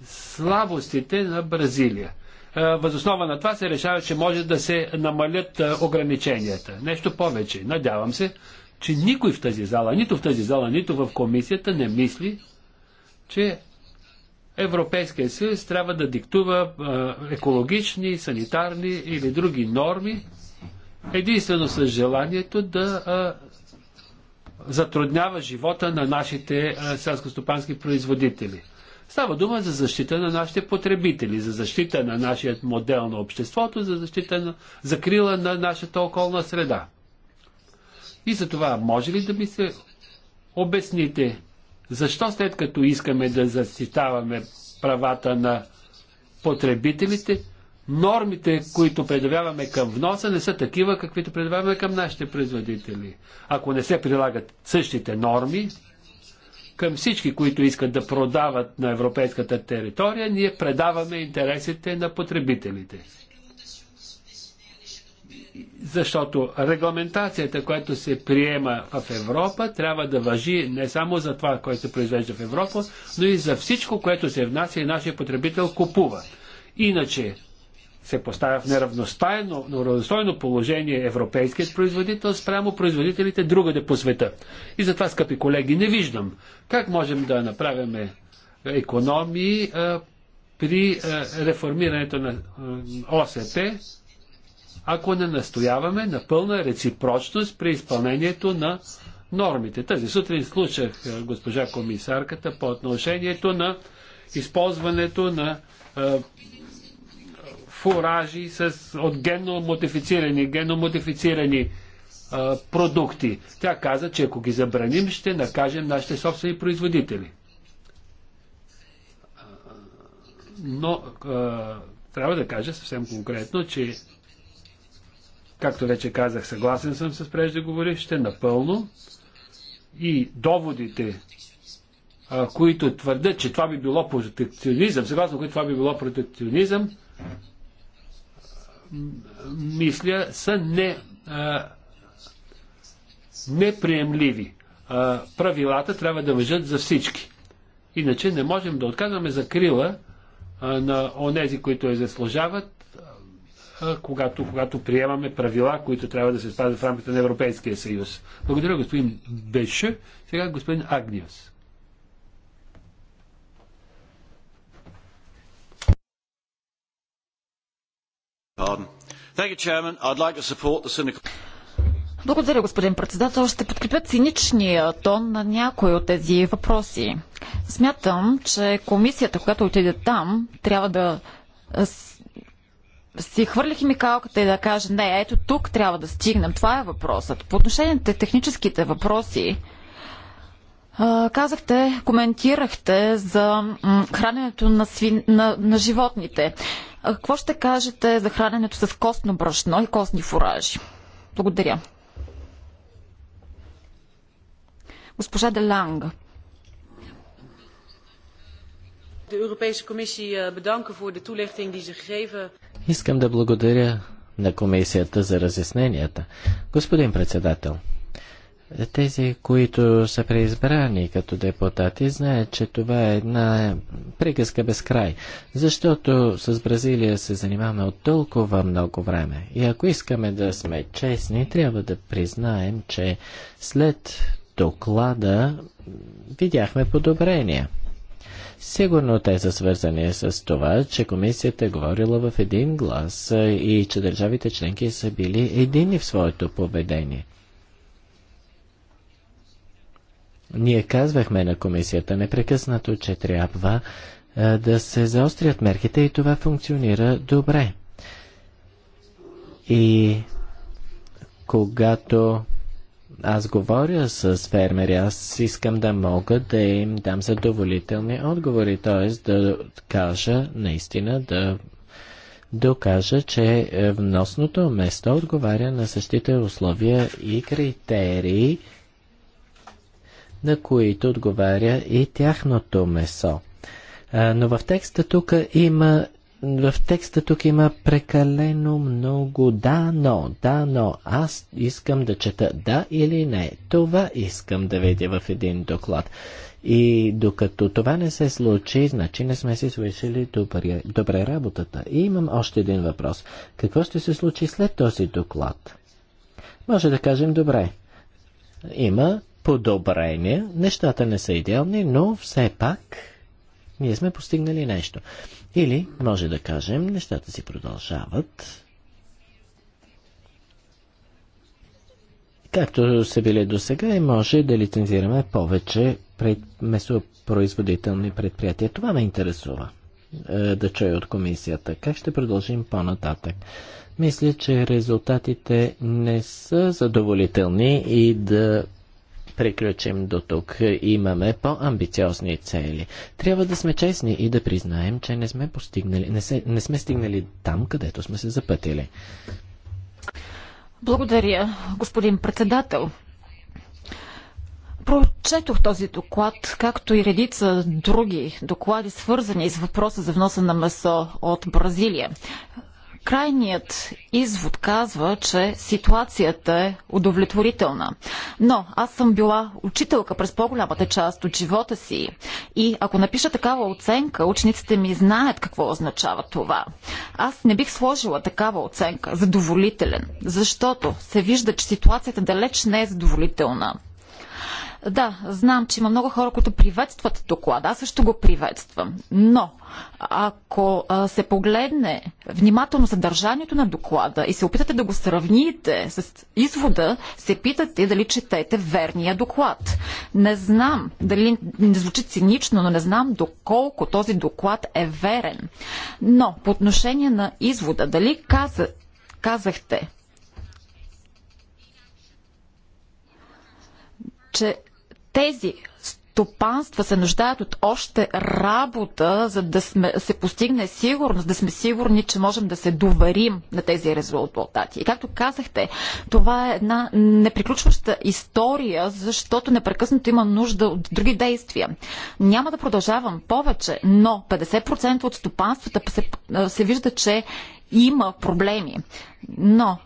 слабостите на Бразилия. Възоснова на това се решава, че може да се намалят ограниченията. Нещо повече. Надявам се, че никой в тази зала, нито в тази зала, нито в комисията не мисли, че Европейския съюз трябва да диктува екологични, санитарни или други норми, единствено с желанието да затруднява живота на нашите селскостопански производители. Става дума за защита на нашите потребители, за защита на нашия модел на обществото, за защита на закрила на нашата околна среда. И за това може ли да ми се обясните защо след като искаме да защитаваме правата на потребителите, нормите, които предявяваме към вноса, не са такива, каквито предявяваме към нашите производители. Ако не се прилагат същите норми, към всички, които искат да продават на европейската територия, ние предаваме интересите на потребителите защото регламентацията, която се приема в Европа, трябва да въжи не само за това, което се произвежда в Европа, но и за всичко, което се внася и нашия потребител купува. Иначе се поставя в неравностойно, неравностойно положение европейският производител спрямо производителите другаде по света. И затова, скъпи колеги, не виждам как можем да направим економии а, при а, реформирането на а, ОСП ако не настояваме на пълна реципрочност при изпълнението на нормите. Тази сутрин слушах е, госпожа комисарката по отношението на използването на е, фуражи с, от генномодифицирани, генно а, е, продукти. Тя каза, че ако ги забраним, ще накажем нашите собствени производители. Но а, трябва да кажа съвсем конкретно, че Както вече казах, съгласен съм с преждеговорище напълно и доводите, а, които твърдят, че това би било протекционизъм, съгласно които това би било протекционизъм, мисля, са не, а, неприемливи. А, правилата трябва да въжат за всички. Иначе не можем да отказваме закрила на онези, които я заслужават, когато, когато приемаме правила, които трябва да се спазват в рамките на Европейския съюз. Благодаря, господин Беше. Сега господин Агниос. Благодаря, господин председател. Ще подкрепя циничния тон на някои от тези въпроси. Смятам, че комисията, когато отиде там, трябва да си хвърли химикалката и да каже, не, ето тук трябва да стигнем. Това е въпросът. По отношение на техническите въпроси, Казахте, коментирахте за храненето на, свин... на, на животните. Какво ще кажете за храненето с костно брашно и костни фуражи? Благодаря. Госпожа Деланга. De Europese Commissie eh, bedanken voor de toelichting die ze gegeven Искам да благодаря на комисията за разясненията. Господин председател, тези, които са преизбрани като депутати, знаят, че това е една приказка без край, защото с Бразилия се занимаваме от толкова много време. И ако искаме да сме честни, трябва да признаем, че след доклада видяхме подобрения. Сигурно те са свързани с това, че комисията е говорила в един глас и че държавите членки са били едини в своето поведение. Ние казвахме на комисията непрекъснато, че трябва да се заострят мерките и това функционира добре. И когато аз говоря с фермери, аз искам да мога да им дам задоволителни отговори, т.е. да кажа наистина да докажа, че е, вносното место отговаря на същите условия и критерии, на които отговаря и тяхното месо. Но в текста тук има в текста тук има прекалено много да, но, да, но, аз искам да чета да или не. Това искам да видя в един доклад. И докато това не се случи, значи не сме си свършили добре, добре работата. И имам още един въпрос. Какво ще се случи след този доклад? Може да кажем добре. Има подобрение, нещата не са идеални, но все пак ние сме постигнали нещо. Или може да кажем, нещата си продължават. Както са били до сега и може да лицензираме повече пред месопроизводителни предприятия. Това ме интересува е, да чуя от комисията. Как ще продължим по-нататък? Мисля, че резултатите не са задоволителни и да приключим до тук. Имаме по-амбициозни цели. Трябва да сме честни и да признаем, че не сме, постигнали, не, се, не сме стигнали там, където сме се запътили. Благодаря, господин председател. Прочетох този доклад, както и редица други доклади, свързани с въпроса за вноса на месо от Бразилия. Крайният извод казва, че ситуацията е удовлетворителна. Но аз съм била учителка през по-голямата част от живота си и ако напиша такава оценка, учениците ми знаят какво означава това. Аз не бих сложила такава оценка задоволителен, защото се вижда, че ситуацията далеч не е задоволителна. Да, знам, че има много хора, които приветстват доклада. Аз също го приветствам. Но, ако се погледне внимателно съдържанието на доклада и се опитате да го сравните с извода, се питате дали четете верния доклад. Не знам, дали не звучи цинично, но не знам доколко този доклад е верен. Но, по отношение на извода, дали каза, казахте, че тези стопанства се нуждаят от още работа, за да сме, се постигне сигурност, да сме сигурни, че можем да се доверим на тези резултати. И както казахте, това е една неприключваща история, защото непрекъснато има нужда от други действия. Няма да продължавам повече, но 50% от стопанствата се, се вижда, че има проблеми. Но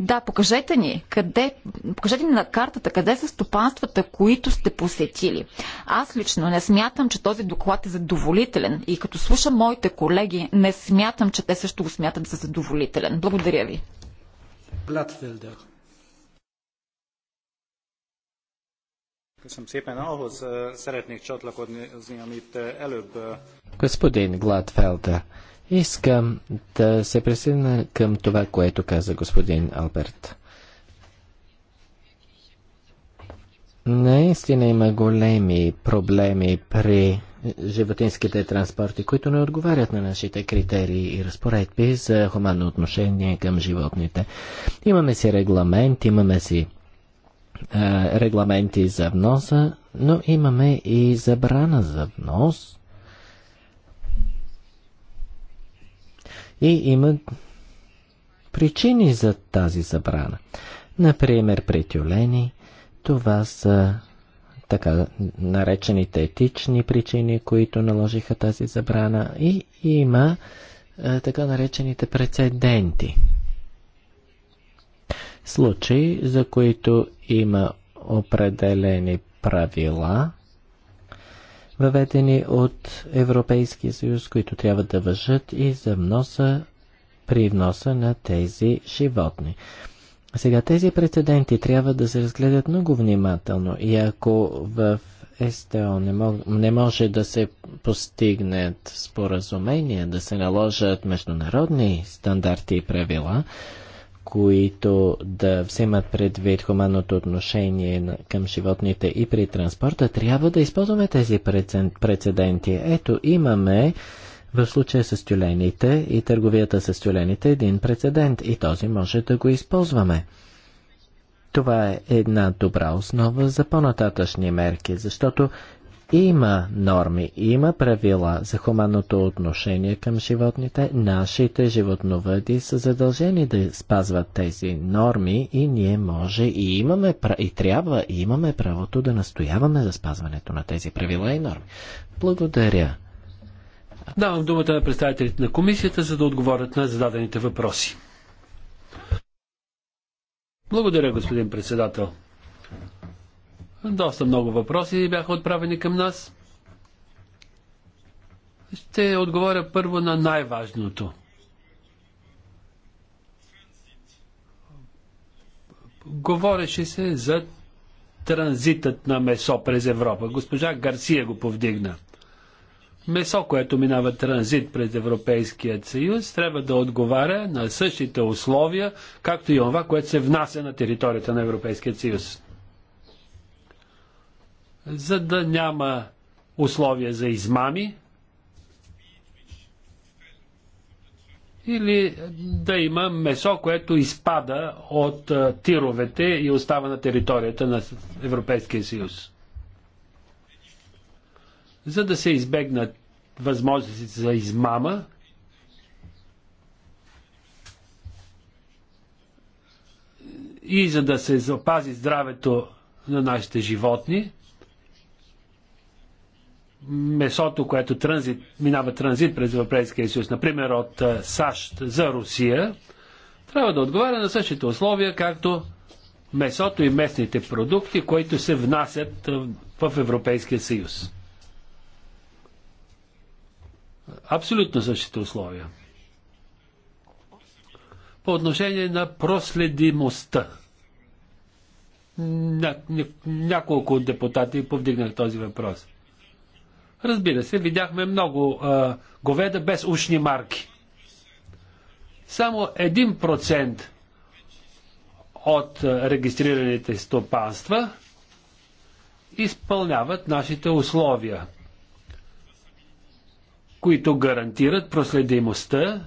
да, покажете ни, къде, покажете ни на картата, къде са стопанствата, които сте посетили. Аз лично не смятам, че този доклад е задоволителен и като слушам моите колеги, не смятам, че те също го смятат за задоволителен. Благодаря ви. Eh, eh, eh, Господин Гладфелдер, Искам да се присъединя към това, което каза господин Алберт. Наистина има големи проблеми при животинските транспорти, които не отговарят на нашите критерии и разпоредби за хуманно отношение към животните. Имаме си регламент, имаме си регламенти за вноса, но имаме и забрана за внос И има причини за тази забрана. Например, при тюлени, това са така наречените етични причини, които наложиха тази забрана и има е, така наречените прецеденти. Случаи, за които има определени правила въведени от Европейския съюз, които трябва да въжат и за вноса при вноса на тези животни. Сега тези прецеденти трябва да се разгледат много внимателно и ако в СТО не, мог, не може да се постигнат споразумения, да се наложат международни стандарти и правила, които да вземат предвид хуманното отношение към животните и при транспорта, трябва да използваме тези прецеденти. Ето, имаме в случая с тюлените и търговията с тюлените един прецедент и този може да го използваме. Това е една добра основа за по-нататъчни мерки, защото има норми, има правила за хуманното отношение към животните. Нашите животновъди са задължени да спазват тези норми и ние може и имаме и трябва и имаме правото да настояваме за спазването на тези правила и норми. Благодаря. Давам думата на представителите на комисията, за да отговорят на зададените въпроси. Благодаря, господин председател. Доста много въпроси бяха отправени към нас. Ще отговоря първо на най-важното. Говореше се за транзитът на месо през Европа. Госпожа Гарсия го повдигна. Месо, което минава транзит през Европейският съюз, трябва да отговаря на същите условия, както и това, което се внася на територията на Европейския съюз за да няма условия за измами или да има месо, което изпада от тировете и остава на територията на Европейския съюз. За да се избегнат възможности за измама, и за да се запази здравето на нашите животни – месото, което транзит, минава транзит през Европейския съюз, например от САЩ за Русия, трябва да отговаря на същите условия, както месото и местните продукти, които се внасят в Европейския съюз. Абсолютно същите условия. По отношение на проследимостта. Няколко депутати повдигнах този въпрос. Разбира се, видяхме много а, говеда без ушни марки. Само 1% от регистрираните стопанства изпълняват нашите условия, които гарантират проследимостта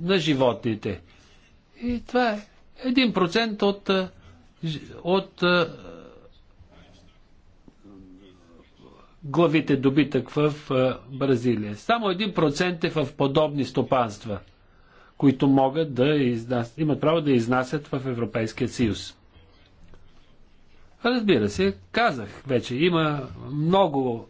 на животните. И това е 1% от, от главите добитък в Бразилия. Само 1% е в подобни стопанства, които могат да изнас... имат право да изнасят в Европейския съюз. Разбира се, казах вече, има много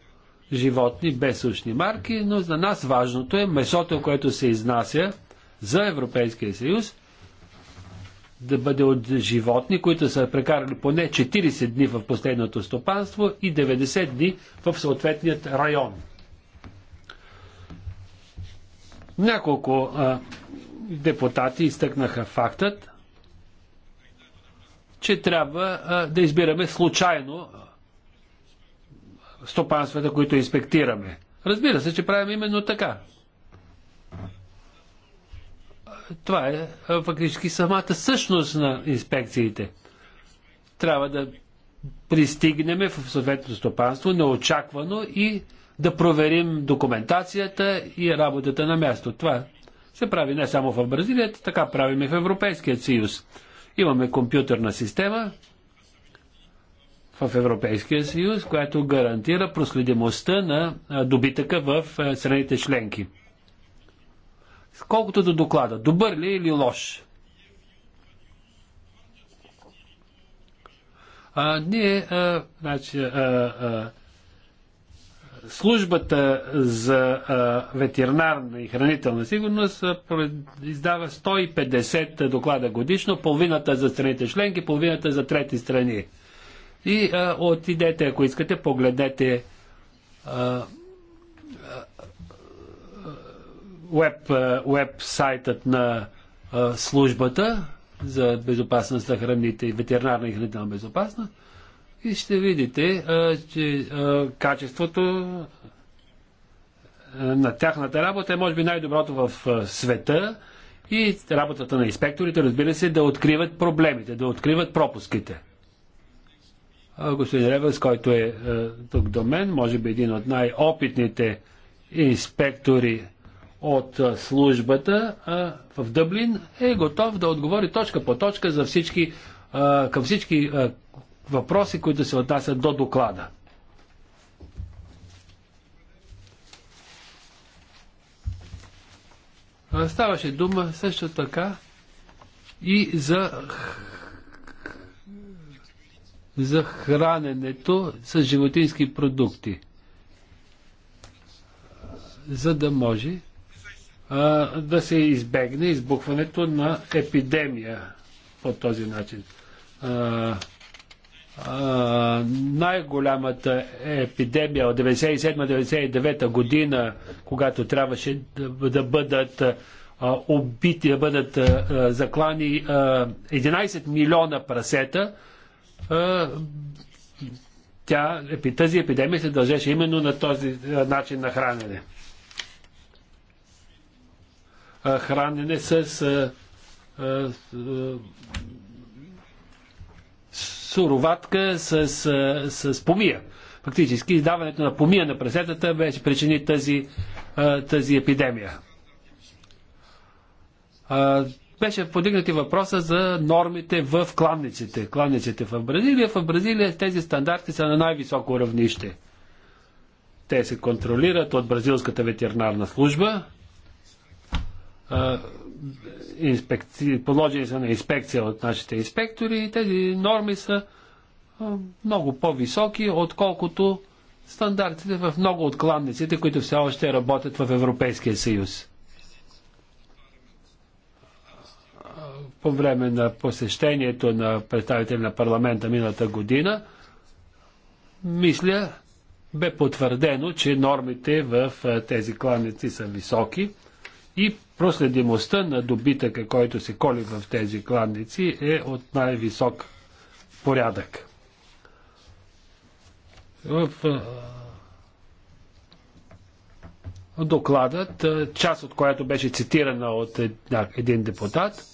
животни без сушни марки, но за нас важното е месото, което се изнася за Европейския съюз да бъде от животни, които са прекарали поне 40 дни в последното стопанство и 90 дни в съответният район. Няколко а, депутати изтъкнаха фактът, че трябва а, да избираме случайно стопанствата, които инспектираме. Разбира се, че правим именно така. Това е фактически самата същност на инспекциите. Трябва да пристигнем в съответното стопанство неочаквано и да проверим документацията и работата на място. Това се прави не само в Бразилия, така правим и в Европейския съюз. Имаме компютърна система в Европейския съюз, която гарантира проследимостта на добитъка в страните членки. Колкото до доклада, добър ли е или лош? А, ние, а, значи, а, а, службата за а, ветеринарна и хранителна сигурност издава 150 доклада годишно, половината за страните членки, половината за трети страни. И а, отидете, ако искате, погледнете а, веб, веб сайтът на службата за безопасност на храните и ветеринарна и хранителна безопасност и ще видите, че качеството на тяхната работа е може би най-доброто в света и работата на инспекторите, разбира се, да откриват проблемите, да откриват пропуските. Господин Ребес, който е тук до мен, може би един от най-опитните инспектори от службата в Дъблин е готов да отговори точка по точка за всички, към всички въпроси, които се отнасят до доклада. Ставаше дума също така и за, за храненето с животински продукти, за да може да се избегне избухването на епидемия по този начин. най-голямата епидемия от 97-99 година, когато трябваше да, да бъдат а, убити, да бъдат а, заклани а, 11 милиона прасета, а, тя, тази епидемия се дължеше именно на този начин на хранене хранене с суроватка, с, с помия. Фактически издаването на помия на пресетата беше причини тази, тази епидемия. Беше подигнати въпроса за нормите в кланниците. Кланниците в Бразилия. В Бразилия тези стандарти са на най-високо равнище. Те се контролират от бразилската ветеринарна служба, инспекци... подложени са на инспекция от нашите инспектори и тези норми са много по-високи, отколкото стандартите в много от кладниците, които все още работят в Европейския съюз. По време на посещението на представители на парламента миналата година, мисля, бе потвърдено, че нормите в тези кланици са високи и проследимостта на добитъка, който се коли в тези кладници, е от най-висок порядък. В докладът, част от която беше цитирана от един депутат,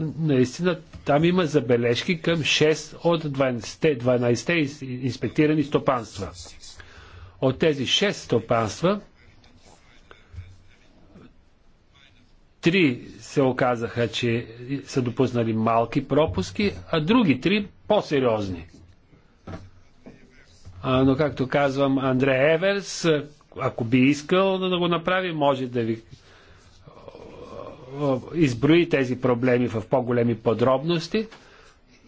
наистина там има забележки към 6 от 12, 12 инспектирани стопанства. От тези 6 стопанства три се оказаха, че са допуснали малки пропуски, а други три по-сериозни. но както казвам, Андре Еверс, ако би искал да го направи, може да ви изброи тези проблеми в по-големи подробности.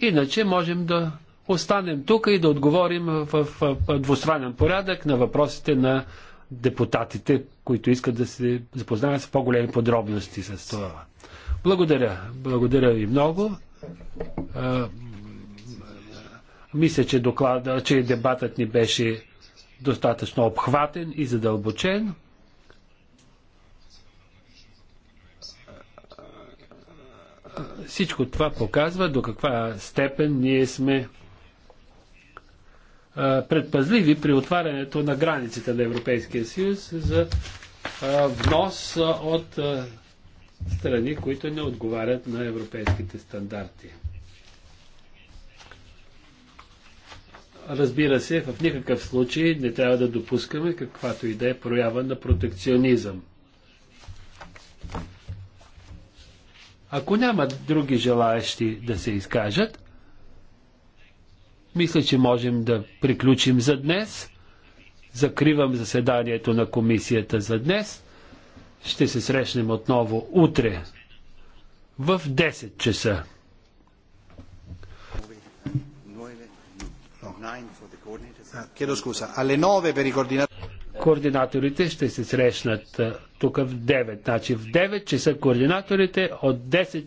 Иначе можем да останем тук и да отговорим в двустранен порядък на въпросите на депутатите, които искат да се запознаят с по-големи подробности с това. Благодаря. Благодаря ви много. А, мисля, че, доклада, че дебатът ни беше достатъчно обхватен и задълбочен. Всичко това показва до каква степен ние сме предпазливи при отварянето на границите на Европейския съюз за внос от страни, които не отговарят на европейските стандарти. Разбира се, в никакъв случай не трябва да допускаме каквато и да е проява на протекционизъм. Ако няма други желаящи да се изкажат, мисля, че можем да приключим за днес. Закривам заседанието на комисията за днес. Ще се срещнем отново утре в 10 часа. Координаторите ще се срещнат тук в 9. Значи в 9 часа координаторите от 10 часа.